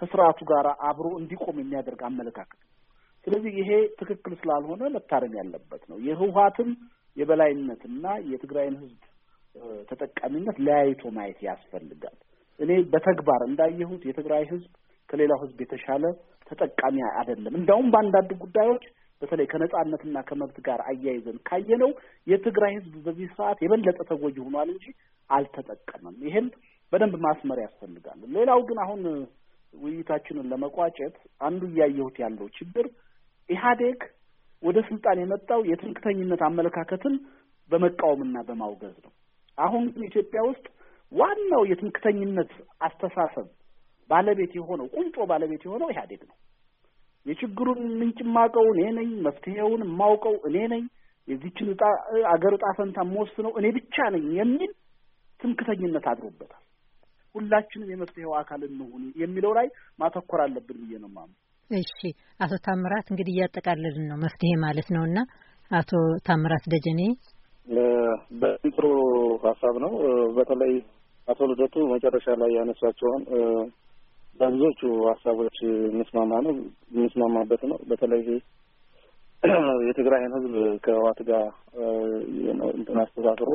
ከስርዓቱ ጋር አብሮ እንዲቆም የሚያደርግ አመለካከት ነው። ስለዚህ ይሄ ትክክል ስላልሆነ መታረም ያለበት ነው። የህወሀትም የበላይነትና የትግራይን ህዝብ ተጠቃሚነት ለያይቶ ማየት ያስፈልጋል። እኔ በተግባር እንዳየሁት የትግራይ ህዝብ ከሌላው ህዝብ የተሻለ ተጠቃሚ አይደለም። እንደውም በአንዳንድ ጉዳዮች በተለይ ከነጻነትና ከመብት ጋር አያይዘን ካየነው የትግራይ ህዝብ በዚህ ሰዓት የበለጠ ተጎጂ ሆኗል እንጂ አልተጠቀመም። ይሄን በደንብ ማስመር ያስፈልጋል። ሌላው ግን አሁን ውይይታችንን ለመቋጨት አንዱ እያየሁት ያለው ችግር ኢህአዴግ ወደ ስልጣን የመጣው የትምክተኝነት አመለካከትን በመቃወምና በማውገዝ ነው። አሁን ግን ኢትዮጵያ ውስጥ ዋናው የትምክተኝነት አስተሳሰብ ባለቤት የሆነው ቁንጮ ባለቤት የሆነው ኢህአዴግ ነው። የችግሩን ምንጭ የማውቀው እኔ ነኝ፣ መፍትሄውን የማውቀው እኔ ነኝ፣ የዚችን እጣ አገር እጣ ፈንታ የምወስነው እኔ ብቻ ነኝ የሚል ትምክተኝነት አድሮበታል። ሁላችንም የመፍትሄው አካል እንሁን የሚለው ላይ ማተኮር አለብን ብዬ ነው የማምነው። እሺ አቶ ታምራት እንግዲህ እያጠቃለልን ነው መፍትሄ ማለት ነው እና አቶ ታምራት ደጀኔ በጣም ሀሳብ ነው። በተለይ አቶ ልደቱ መጨረሻ ላይ ያነሷቸውን በብዙዎቹ ሀሳቦች የምስማማ ነው የምስማማበት ነው። በተለይ የትግራይን ህዝብ ከህዋት ጋር እንትን አስተሳስሮ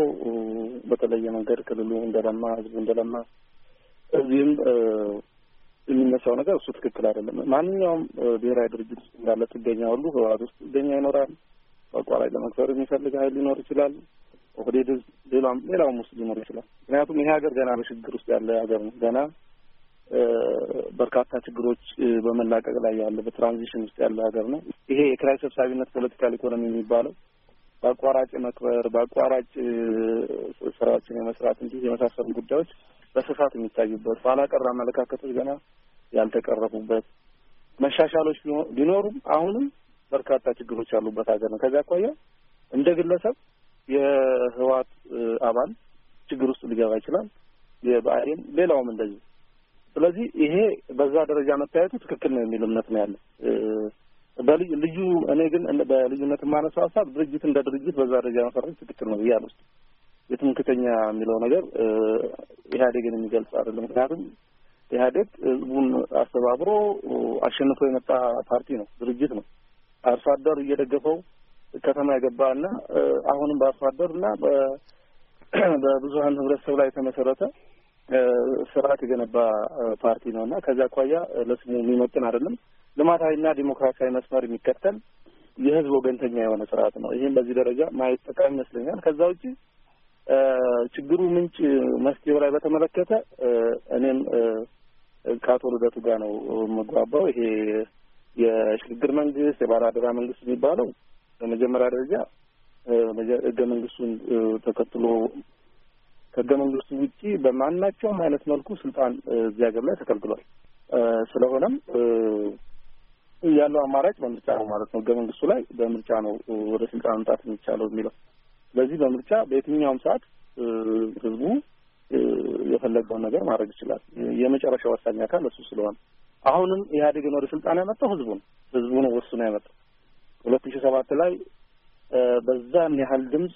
በተለየ መንገድ ክልሉ እንደለማ ህዝቡ እንደለማ እዚህም የሚነሳው ነገር እሱ ትክክል አይደለም። ማንኛውም ብሔራዊ ድርጅት ውስጥ እንዳለ ጥገኛ ሁሉ ህወሀት ውስጥ ጥገኛ ይኖራል። ላይ ለመክበር የሚፈልግ ሀይል ሊኖር ይችላል። ኦህዴድ ሌላም ሌላውም ውስጥ ሊኖር ይችላል። ምክንያቱም ይሄ ሀገር ገና በችግር ውስጥ ያለ ሀገር ነው። ገና በርካታ ችግሮች በመላቀቅ ላይ ያለ በትራንዚሽን ውስጥ ያለ ሀገር ነው። ይሄ የክራይ ሰብሳቢነት ፖለቲካል ኢኮኖሚ የሚባለው በአቋራጭ መክበር፣ በአቋራጭ ስራዎችን የመስራት እንዲህ የመሳሰሉ ጉዳዮች በስፋት የሚታዩበት ኋላ ቀር አመለካከቶች ገና ያልተቀረፉበት መሻሻሎች ቢኖሩም አሁንም በርካታ ችግሮች ያሉበት ሀገር ነው። ከዚያ አኳያ እንደ ግለሰብ የህወሓት አባል ችግር ውስጥ ሊገባ ይችላል። የብአዴን ሌላውም እንደዚህ። ስለዚህ ይሄ በዛ ደረጃ መታየቱ ትክክል ነው የሚል እምነት ነው ያለ። በልዩ እኔ ግን በልዩነት የማነሳው ሀሳብ ድርጅት እንደ ድርጅት በዛ ደረጃ መሰረት ትክክል ነው ውስጥ የትምክተኛ የሚለው ነገር ኢህአዴግን የሚገልጽ አይደለም። ምክንያቱም ኢህአዴግ ህዝቡን አስተባብሮ አሸንፎ የመጣ ፓርቲ ነው፣ ድርጅት ነው። አርሶ አደር እየደገፈው ከተማ የገባ እና አሁንም በአርሶ አደር እና [clears throat] በብዙሀን ህብረተሰብ ላይ የተመሰረተ ስርዓት የገነባ ፓርቲ ነው እና ከዚያ አኳያ ለስሙ የሚመጥን አይደለም። ልማታዊና ዲሞክራሲያዊ መስመር የሚከተል የህዝብ ወገንተኛ የሆነ ስርዓት ነው። ይህም በዚህ ደረጃ ማየት ጠቃሚ ይመስለኛል። ከዛ ውጭ ችግሩ ምንጭ መፍትሄው ላይ በተመለከተ እኔም ከአቶ ልደቱ ጋር ነው የምግባባው። ይሄ የሽግግር መንግስት አደራ መንግስት የሚባለው በመጀመሪያ ደረጃ ህገ መንግስቱን ተከትሎ ከህገ መንግስቱ ውጪ በማናቸውም አይነት መልኩ ስልጣን እዚህ ሀገር ላይ ተከልክሏል። ስለሆነም ያለው አማራጭ በምርጫ ነው ማለት ነው። ህገ መንግስቱ ላይ በምርጫ ነው ወደ ስልጣን መምጣት የሚቻለው የሚለው በዚህ በምርጫ በየትኛውም ሰዓት ህዝቡ የፈለገውን ነገር ማድረግ ይችላል። የመጨረሻ ወሳኝ አካል እሱ ስለሆነ አሁንም ኢህአዴግን ወደ ስልጣን ያመጣው ህዝቡ ነው። ህዝቡ ነው ወስኖ ያመጣው ሁለት ሺ ሰባት ላይ በዛን ያህል ድምፅ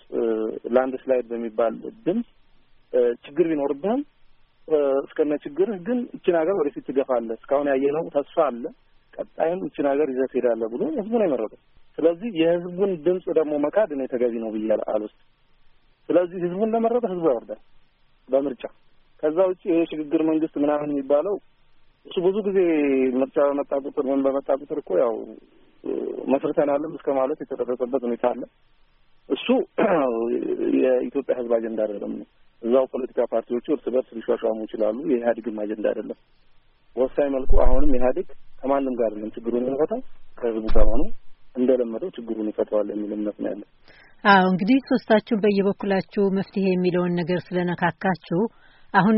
ላንድ ስላይድ በሚባል ድምፅ ችግር ቢኖርብህም እስከነ ችግርህ ግን እችን ሀገር ወደፊት ትገፋለህ፣ እስካሁን ያየነው ተስፋ አለ፣ ቀጣይም እችን ሀገር ይዘህ ትሄዳለህ ብሎ ህዝቡ ነው የመረጠው። ስለዚህ የህዝቡን ድምፅ ደግሞ መካድ እኔ ተገቢ ነው ብዬ አልወስድም። ስለዚህ ህዝቡ እንደመረጠ ህዝቡ ያወርዳል በምርጫ። ከዛ ውጭ ይሄ ሽግግር መንግስት ምናምን የሚባለው እሱ ብዙ ጊዜ ምርጫ በመጣ ቁጥር ምን በመጣ ቁጥር እኮ ያው መስርተናልም እስከ ማለት የተደረሰበት ሁኔታ አለ። እሱ [clears throat] የኢትዮጵያ ህዝብ አጀንዳ አይደለም። እዛው ፖለቲካ ፓርቲዎቹ እርስ በርስ ሊሿሿሙ ይችላሉ። የኢህአዴግም አጀንዳ አይደለም። ወሳኝ መልኩ አሁንም ኢህአዴግ ከማንም ጋር አይደለም ችግሩን የሚፈታው ከህዝቡ ጋር ሆኖ እንደለመደው ችግሩን ይፈተዋል የሚል እምነት ነው ያለን። አዎ እንግዲህ ሶስታችሁን በየበኩላችሁ መፍትሄ የሚለውን ነገር ስለነካካችሁ አሁን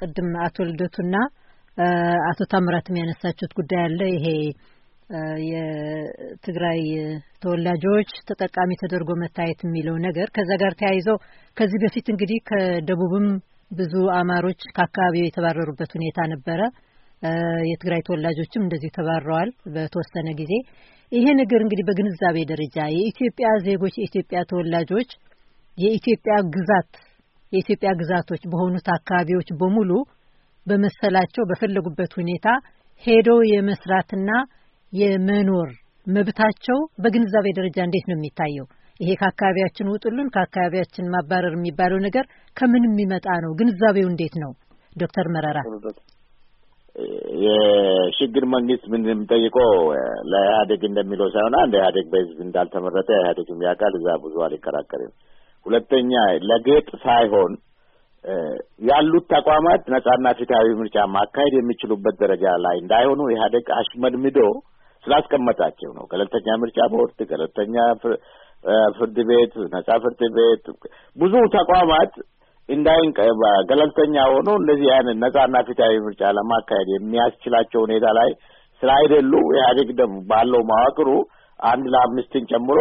ቅድም አቶ ልደቱና አቶ ታምራትም ያነሳችሁት ጉዳይ አለ። ይሄ የትግራይ ተወላጆች ተጠቃሚ ተደርጎ መታየት የሚለው ነገር ከዛ ጋር ተያይዘው ከዚህ በፊት እንግዲህ ከደቡብም ብዙ አማሮች ከአካባቢው የተባረሩበት ሁኔታ ነበረ። የትግራይ ተወላጆችም እንደዚሁ ተባረዋል በተወሰነ ጊዜ። ይሄ ነገር እንግዲህ በግንዛቤ ደረጃ የኢትዮጵያ ዜጎች የኢትዮጵያ ተወላጆች የኢትዮጵያ ግዛት የኢትዮጵያ ግዛቶች በሆኑት አካባቢዎች በሙሉ በመሰላቸው በፈለጉበት ሁኔታ ሄደው የመስራትና የመኖር መብታቸው በግንዛቤ ደረጃ እንዴት ነው የሚታየው? ይሄ ከአካባቢያችን ውጡልን፣ ከአካባቢያችን ማባረር የሚባለው ነገር ከምን የሚመጣ ነው? ግንዛቤው እንዴት ነው ዶክተር መረራ? የሽግግር መንግስት ምን የምጠይቀው ለኢህአዴግ እንደሚለው ሳይሆን አንድ ኢህአዴግ በህዝብ እንዳልተመረጠ ኢህአዴግም ያውቃል። እዛ ብዙ አልከራከርም። ሁለተኛ ለጌጥ ሳይሆን ያሉት ተቋማት ነጻና ፍትሐዊ ምርጫ ማካሄድ የሚችሉበት ደረጃ ላይ እንዳይሆኑ ኢህአዴግ አሽመድምዶ ስላስቀመጣቸው ነው። ገለልተኛ ምርጫ ቦርድ፣ ገለልተኛ ፍርድ ቤት፣ ነጻ ፍርድ ቤት ብዙ ተቋማት እንዳይንቀ ገለልተኛ ሆኖ እንደዚህ አይነት ነጻና ፍትሃዊ ምርጫ ለማካሄድ የሚያስችላቸው ሁኔታ ላይ ስላይደሉ ኢህአዴግ ደግሞ ባለው መዋቅሩ አንድ ለአምስትን ጨምሮ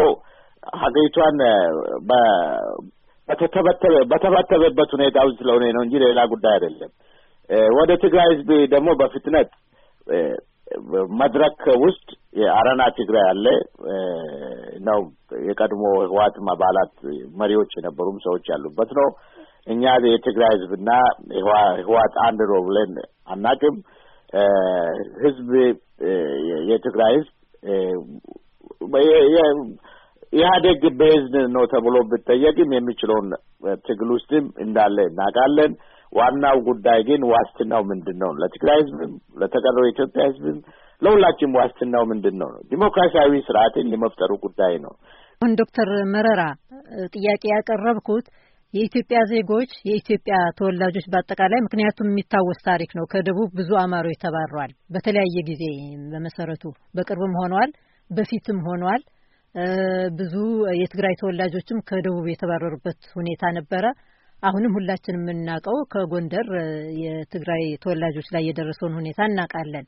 ሀገሪቷን በተተበተበ በተበተበበት ሁኔታ ውስጥ ስለሆነ ነው እንጂ ሌላ ጉዳይ አይደለም። ወደ ትግራይ ህዝብ ደግሞ በፍጥነት መድረክ ውስጥ የአረና ትግራይ አለ ነው። የቀድሞ ህወሓትም አባላት መሪዎች የነበሩም ሰዎች ያሉበት ነው። እኛ የትግራይ ህዝብና ህዋት አንድ ነው ብለን አናቅም። ህዝብ የትግራይ ህዝብ ኢህአዴግ በህዝብ ነው ተብሎ ብጠየቅም የሚችለውን ትግል ውስጥም እንዳለ እናውቃለን። ዋናው ጉዳይ ግን ዋስትናው ምንድን ነው? ለትግራይ ህዝብም ለተቀረው የኢትዮጵያ ህዝብም ለሁላችንም ዋስትናው ምንድን ነው ዲሞክራሲያዊ ስርዓትን የመፍጠሩ ጉዳይ ነው። አሁን ዶክተር መረራ ጥያቄ ያቀረብኩት የኢትዮጵያ ዜጎች፣ የኢትዮጵያ ተወላጆች በአጠቃላይ ምክንያቱም የሚታወስ ታሪክ ነው። ከደቡብ ብዙ አማሮች ተባረዋል። በተለያየ ጊዜ በመሰረቱ በቅርብም ሆኗል በፊትም ሆኗል ብዙ የትግራይ ተወላጆችም ከደቡብ የተባረሩበት ሁኔታ ነበረ። አሁንም ሁላችን የምናውቀው ከጎንደር የትግራይ ተወላጆች ላይ የደረሰውን ሁኔታ እናውቃለን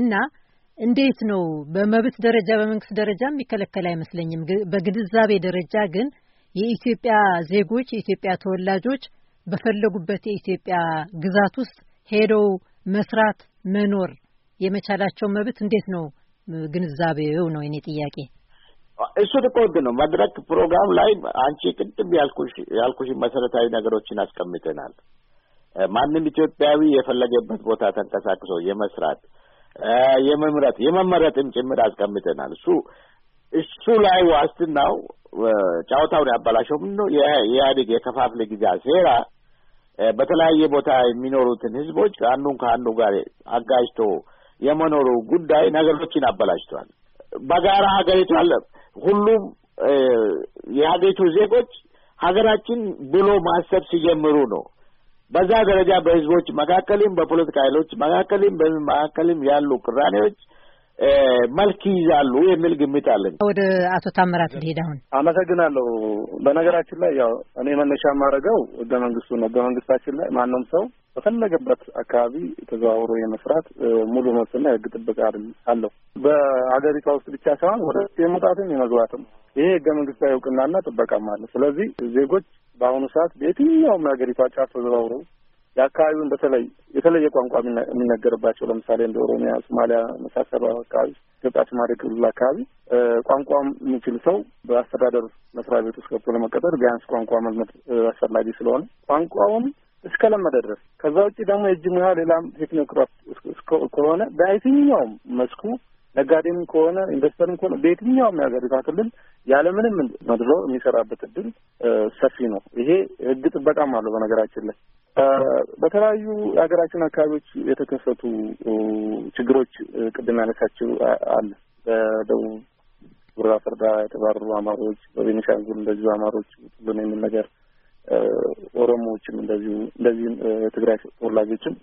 እና እንዴት ነው በመብት ደረጃ በመንግስት ደረጃ የሚከለከል አይመስለኝም። በግንዛቤ ደረጃ ግን የኢትዮጵያ ዜጎች የኢትዮጵያ ተወላጆች በፈለጉበት የኢትዮጵያ ግዛት ውስጥ ሄደው መስራት መኖር የመቻላቸው መብት እንዴት ነው ግንዛቤው? ነው የኔ ጥያቄ። እሱ ልቆድ ነው መድረክ ፕሮግራም ላይ አንቺ ቅድም ያልኩሽ ያልኩሽ መሰረታዊ ነገሮችን አስቀምጠናል። ማንም ኢትዮጵያዊ የፈለገበት ቦታ ተንቀሳቅሶ የመስራት የመምረጥ የመመረጥም ጭምር አስቀምጠናል። እሱ እሱ ላይ ዋስትናው ጨዋታውን ያበላሸው ምንድን ነው? የኢህአዴግ የከፋፍለ ጊዜ ሴራ በተለያየ ቦታ የሚኖሩትን ህዝቦች አንዱን ከአንዱ ጋር አጋጅቶ የመኖሩ ጉዳይ ነገሮችን አበላሽተዋል። በጋራ አለ ሁሉም የሀገሪቱ ዜጎች ሀገራችን ብሎ ማሰብ ሲጀምሩ ነው። በዛ ደረጃ በህዝቦች መካከልም በፖለቲካ ኃይሎች መካከልም በምን መካከልም ያሉ ቅራኔዎች መልክ ይይዛሉ የሚል ግምት አለን። ወደ አቶ ታምራት ሊሄድ አሁን አመሰግናለሁ። በነገራችን ላይ ያው እኔ መነሻ የማደርገው ህገ መንግስቱ ነው። ህገ መንግስታችን ላይ ማንም ሰው በፈለገበት አካባቢ ተዘዋውሮ የመስራት ሙሉ መብትና የህግ ጥበቃ አለው። በሀገሪቷ ውስጥ ብቻ ሳይሆን ወደ የመውጣትም የመግባትም ይሄ ህገ መንግስታዊ እውቅናና ጥበቃም አለ። ስለዚህ ዜጎች በአሁኑ ሰዓት በየትኛውም የሀገሪቷ ጫፍ ተዘዋውረው የአካባቢውን በተለይ የተለየ ቋንቋ የሚነገርባቸው ለምሳሌ እንደ ኦሮሚያ፣ ሶማሊያ መሳሰሉ አካባቢ ኢትዮጵያ ሶማሌ ክልል አካባቢ ቋንቋ የሚችል ሰው በአስተዳደር መስሪያ ቤት ውስጥ ገብቶ ለመቀጠር ቢያንስ ቋንቋ መልመድ አስፈላጊ ስለሆነ ቋንቋውን እስከለመደ ድረስ ከዛ ውጭ ደግሞ የእጅ ሙያ ሌላም ቴክኖክራፍት ከሆነ በየትኛውም መስኩ ነጋዴም ከሆነ ኢንቨስተርም ከሆነ በየትኛውም የሀገሪቷ ክልል ያለምንም መድሎ የሚሰራበት እድል ሰፊ ነው። ይሄ ህግ ጥበቃም አለው። በነገራችን ላይ በተለያዩ የሀገራችን አካባቢዎች የተከሰቱ ችግሮች ቅድም ያነሳችው አለ። በደቡብ ጉራ ፈርዳ የተባረሩ አማሮች፣ በቤኒሻንጉል እንደዚሁ አማሮች ሁሉን የሚል ነገር ኦሮሞዎችም እንደዚሁ እንደዚሁ የትግራይ ተወላጆችም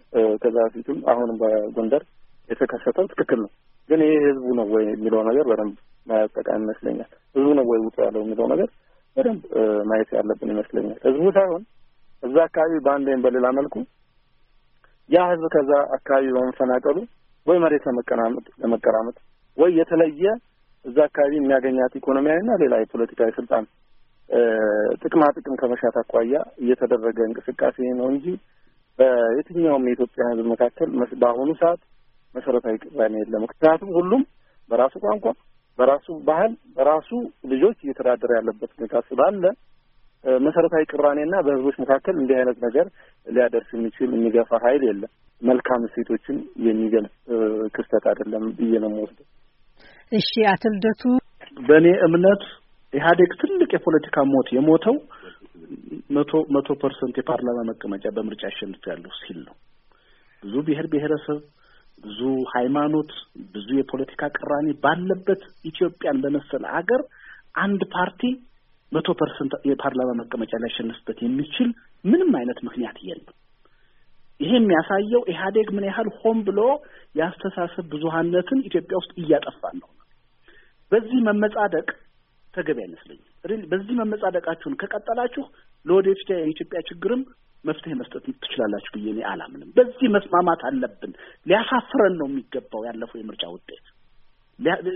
ከዛ በፊትም አሁንም በጎንደር የተከሰተው ትክክል ነው። ግን ይሄ ህዝቡ ነው ወይ የሚለው ነገር በደንብ ማየት ጠቃሚ ይመስለኛል። ህዝቡ ነው ወይ ውጡ ያለው የሚለው ነገር በደንብ ማየት ያለብን ይመስለኛል። ህዝቡ ሳይሆን እዛ አካባቢ በአንድ በሌላ መልኩ ያ ህዝብ ከዛ አካባቢ በመፈናቀሉ ወይ መሬት ለመቀናመጥ ለመቀራመጥ ወይ የተለየ እዛ አካባቢ የሚያገኛት ኢኮኖሚያዊና ሌላ የፖለቲካዊ ስልጣን ጥቅማ ጥቅም ከመሻት አኳያ እየተደረገ እንቅስቃሴ ነው እንጂ በየትኛውም የኢትዮጵያ ህዝብ መካከል በአሁኑ ሰዓት መሰረታዊ ቅራኔ የለም። ምክንያቱም ሁሉም በራሱ ቋንቋ፣ በራሱ ባህል፣ በራሱ ልጆች እየተዳደረ ያለበት ሁኔታ ስላለ መሰረታዊ ቅራኔና በህዝቦች መካከል እንዲህ አይነት ነገር ሊያደርስ የሚችል የሚገፋ ኃይል የለም። መልካም እሴቶችን የሚገልጽ ክስተት አይደለም ብዬ ነው የምወስደው። እሺ፣ አቶ ልደቱ፣ በእኔ እምነት ኢህአዴግ ትልቅ የፖለቲካ ሞት የሞተው መቶ መቶ ፐርሰንት የፓርላማ መቀመጫ በምርጫ አሸንፍ ያለው ሲል ነው። ብዙ ብሔር ብሔረሰብ ብዙ ሃይማኖት፣ ብዙ የፖለቲካ ቅራኔ ባለበት ኢትዮጵያን በመሰለ ሀገር አንድ ፓርቲ መቶ ፐርሰንት የፓርላማ መቀመጫ ሊያሸንፍበት የሚችል ምንም አይነት ምክንያት የለም። ይሄ የሚያሳየው ኢህአዴግ ምን ያህል ሆን ብሎ የአስተሳሰብ ብዙሀነትን ኢትዮጵያ ውስጥ እያጠፋ ነው። በዚህ መመጻደቅ ተገቢ አይመስለኝም። በዚህ መመጻደቃችሁን ከቀጠላችሁ ለወደፊት የኢትዮጵያ ችግርም መፍትሄ መስጠት ትችላላችሁ ብዬ እኔ አላምንም። በዚህ መስማማት አለብን። ሊያሳፍረን ነው የሚገባው ያለፈው የምርጫ ውጤት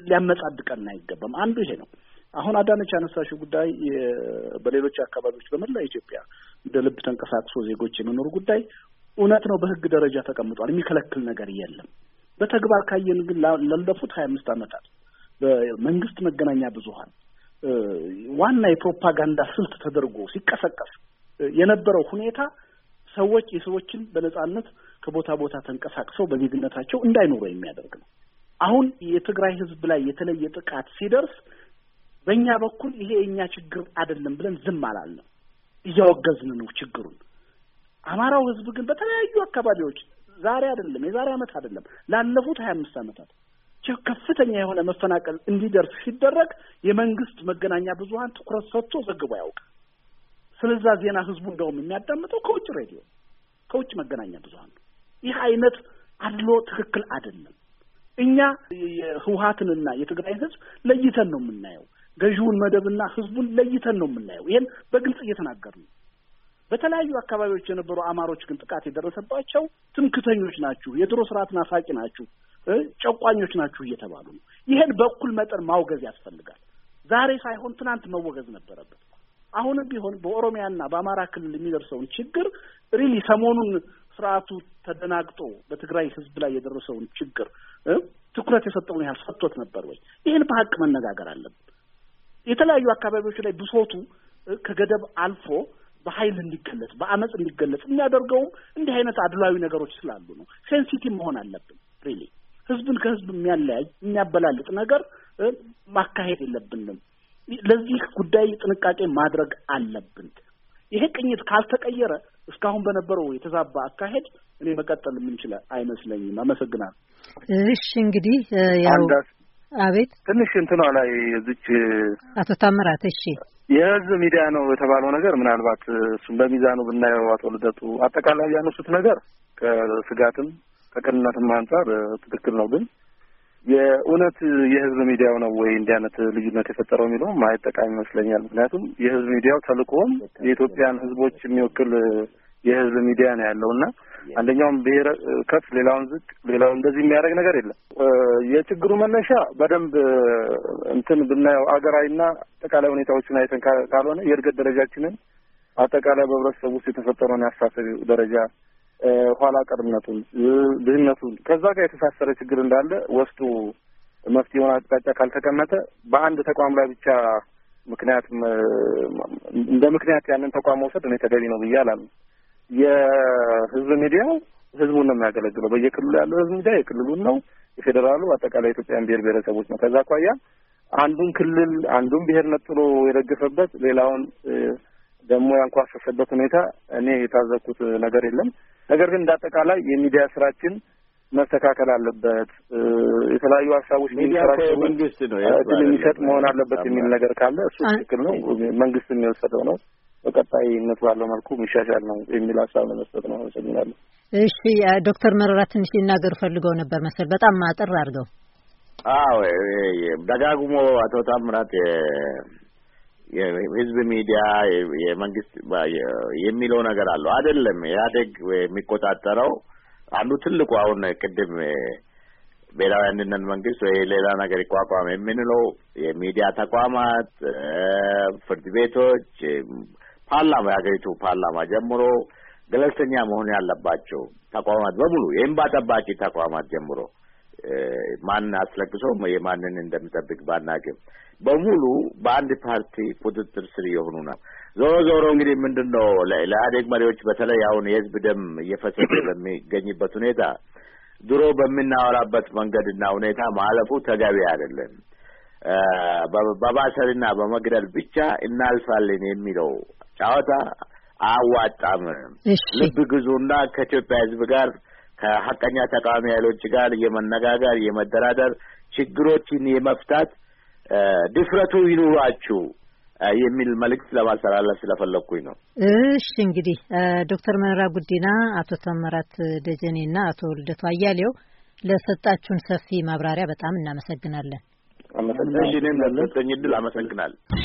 ሊያመጻድቀን አይገባም። አንዱ ይሄ ነው። አሁን አዳነች ያነሳሽው ጉዳይ በሌሎች አካባቢዎች በመላ ኢትዮጵያ እንደ ልብ ተንቀሳቅሶ ዜጎች የመኖሩ ጉዳይ እውነት ነው። በህግ ደረጃ ተቀምጧል። የሚከለክል ነገር የለም። በተግባር ካየን ግን ላለፉት ሀያ አምስት ዓመታት በመንግስት መገናኛ ብዙሀን ዋና የፕሮፓጋንዳ ስልት ተደርጎ ሲቀሰቀስ የነበረው ሁኔታ ሰዎች የሰዎችን በነጻነት ከቦታ ቦታ ተንቀሳቅሰው በዜግነታቸው እንዳይኖሩ የሚያደርግ ነው። አሁን የትግራይ ህዝብ ላይ የተለየ ጥቃት ሲደርስ በእኛ በኩል ይሄ የእኛ ችግር አይደለም ብለን ዝም አላልንም፣ እያወገዝን ነው ችግሩን። አማራው ህዝብ ግን በተለያዩ አካባቢዎች ዛሬ አይደለም የዛሬ ዓመት አይደለም ላለፉት ሀያ አምስት አመታት ከፍተኛ የሆነ መፈናቀል እንዲደርስ ሲደረግ የመንግስት መገናኛ ብዙሀን ትኩረት ሰጥቶ ዘግቦ ያውቅ ስለዛ ዜና ህዝቡ እንደውም የሚያዳምጠው ከውጭ ሬዲዮ፣ ከውጭ መገናኛ ብዙሀን ነው። ይህ አይነት አድሎ ትክክል አይደለም። እኛ የህወሀትንና የትግራይን ህዝብ ለይተን ነው የምናየው። ገዢውን መደብና ህዝቡን ለይተን ነው የምናየው። ይሄን በግልጽ እየተናገር ነው። በተለያዩ አካባቢዎች የነበሩ አማሮች ግን ጥቃት የደረሰባቸው ትምክተኞች ናችሁ፣ የድሮ ስርዓት ናፋቂ ናችሁ፣ ጨቋኞች ናችሁ እየተባሉ ነው። ይሄን በእኩል መጠን ማውገዝ ያስፈልጋል። ዛሬ ሳይሆን ትናንት መወገዝ ነበረበት። አሁንም ቢሆን በኦሮሚያና በአማራ ክልል የሚደርሰውን ችግር ሪሊ ሰሞኑን ስርዓቱ ተደናግጦ በትግራይ ህዝብ ላይ የደረሰውን ችግር ትኩረት የሰጠውን ያህል ሰጥቶት ነበር ወይ? ይህን በሀቅ መነጋገር አለብን። የተለያዩ አካባቢዎች ላይ ብሶቱ ከገደብ አልፎ በኃይል እንዲገለጽ በአመፅ እንዲገለጽ የሚያደርገውም እንዲህ አይነት አድሏዊ ነገሮች ስላሉ ነው። ሴንሲቲቭ መሆን አለብን። ሪሊ ህዝብን ከህዝብ የሚያለያይ የሚያበላልጥ ነገር ማካሄድ የለብንም። ለዚህ ጉዳይ ጥንቃቄ ማድረግ አለብን። ይሄ ቅኝት ካልተቀየረ እስካሁን በነበረው የተዛባ አካሄድ እኔ መቀጠል የምንችለ አይመስለኝም። አመሰግናለሁ። እሺ እንግዲህ ያው አቤት ትንሽ እንትኗ ላይ እዚች አቶ ታምራት እሺ የህዝብ ሚዲያ ነው የተባለው ነገር ምናልባት እሱም በሚዛኑ ብናየው አቶ ልደቱ አጠቃላይ ያነሱት ነገር ከስጋትም ከቅንነትም አንጻር ትክክል ነው ግን የእውነት የህዝብ ሚዲያው ነው ወይ እንዲህ አይነት ልዩነት የፈጠረው የሚለው ማየት ጠቃሚ ይመስለኛል። ምክንያቱም የህዝብ ሚዲያው ተልእኮም የኢትዮጵያን ህዝቦች የሚወክል የህዝብ ሚዲያ ነው ያለው እና አንደኛውም ብሔር ከፍ ሌላውን ዝቅ ሌላውን እንደዚህ የሚያደርግ ነገር የለም። የችግሩ መነሻ በደንብ እንትን ብናየው አገራዊና አጠቃላይ ሁኔታዎችን አይተን ካልሆነ የእድገት ደረጃችንን አጠቃላይ በህብረተሰቡ ውስጥ የተፈጠረውን ያሳሰብ ደረጃ ኋላ ቀርነቱን፣ ድህነቱን ከዛ ጋር የተሳሰረ ችግር እንዳለ ወስዱ መፍትሄ የሆነ አቅጣጫ ካልተቀመጠ በአንድ ተቋም ላይ ብቻ ምክንያት እንደ ምክንያት ያንን ተቋም መውሰድ እኔ ተገቢ ነው ብዬ አላምንም። የህዝብ ሚዲያው ህዝቡን ነው የሚያገለግለው። በየክልሉ ያለው ህዝብ ሚዲያ የክልሉን ነው፣ የፌዴራሉ አጠቃላይ የኢትዮጵያን ብሔር ብሔረሰቦች ነው። ከዛ አኳያ አንዱን ክልል አንዱን ብሔር ነጥሎ የደገፈበት ሌላውን ደግሞ ያንኳሰሰበት ሁኔታ እኔ የታዘብኩት ነገር የለም። ነገር ግን እንዳጠቃላይ የሚዲያ ስራችን መስተካከል አለበት፣ የተለያዩ ሀሳቦች መንግስት ነው የሚሰጥ መሆን አለበት የሚል ነገር ካለ እሱ ትክክል ነው። መንግስት የሚወሰደው ነው በቀጣይነት ባለው መልኩ የሚሻሻል ነው የሚል ሀሳብ ለመስጠት ነው። አመሰግናለሁ። እሺ ዶክተር መረራ ትንሽ ሊናገሩ ፈልገው ነበር መሰል በጣም አጠር አድርገው። አዎ ደጋግሞ አቶ ታምራት የህዝብ ሚዲያ የመንግስት የሚለው ነገር አለው አይደለም። ኢህአዴግ የሚቆጣጠረው አንዱ ትልቁ አሁን ቅድም ብሔራዊ አንድነት መንግስት ወይ ሌላ ነገር ይቋቋም የምንለው የሚዲያ ተቋማት፣ ፍርድ ቤቶች፣ ፓርላማ፣ የሀገሪቱ ፓርላማ ጀምሮ ገለልተኛ መሆን ያለባቸው ተቋማት በሙሉ የእንባ ጠባቂ ተቋማት ጀምሮ ማን አስለቅሶ የማንን እንደሚጠብቅ ባናግም በሙሉ በአንድ ፓርቲ ቁጥጥር ስር የሆኑ ነው። ዞሮ ዞሮ እንግዲህ ምንድን ነው ለኢህአዴግ መሪዎች በተለይ አሁን የህዝብ ደም እየፈሰሰ [clears throat] በሚገኝበት ሁኔታ ድሮ በምናወራበት መንገድና ሁኔታ ማለፉ ተገቢ አይደለም። በማሰርና በመግደል ብቻ እናልፋለን የሚለው ጨዋታ አዋጣም። ልብ ግዙና ከኢትዮጵያ ህዝብ ጋር ከሀቀኛ ተቃዋሚ ኃይሎች ጋር የመነጋገር የመደራደር ችግሮችን የመፍታት ድፍረቱ ይኑሯችሁ የሚል መልእክት ለማስተላለፍ ስለፈለግኩኝ ነው። እሺ እንግዲህ ዶክተር መረራ ጉዲና፣ አቶ ተመራት ደጀኔ እና አቶ ልደቱ አያሌው ለሰጣችሁን ሰፊ ማብራሪያ በጣም እናመሰግናለን። እሺ እኔም ለሰጠኝ እድል አመሰግናለሁ።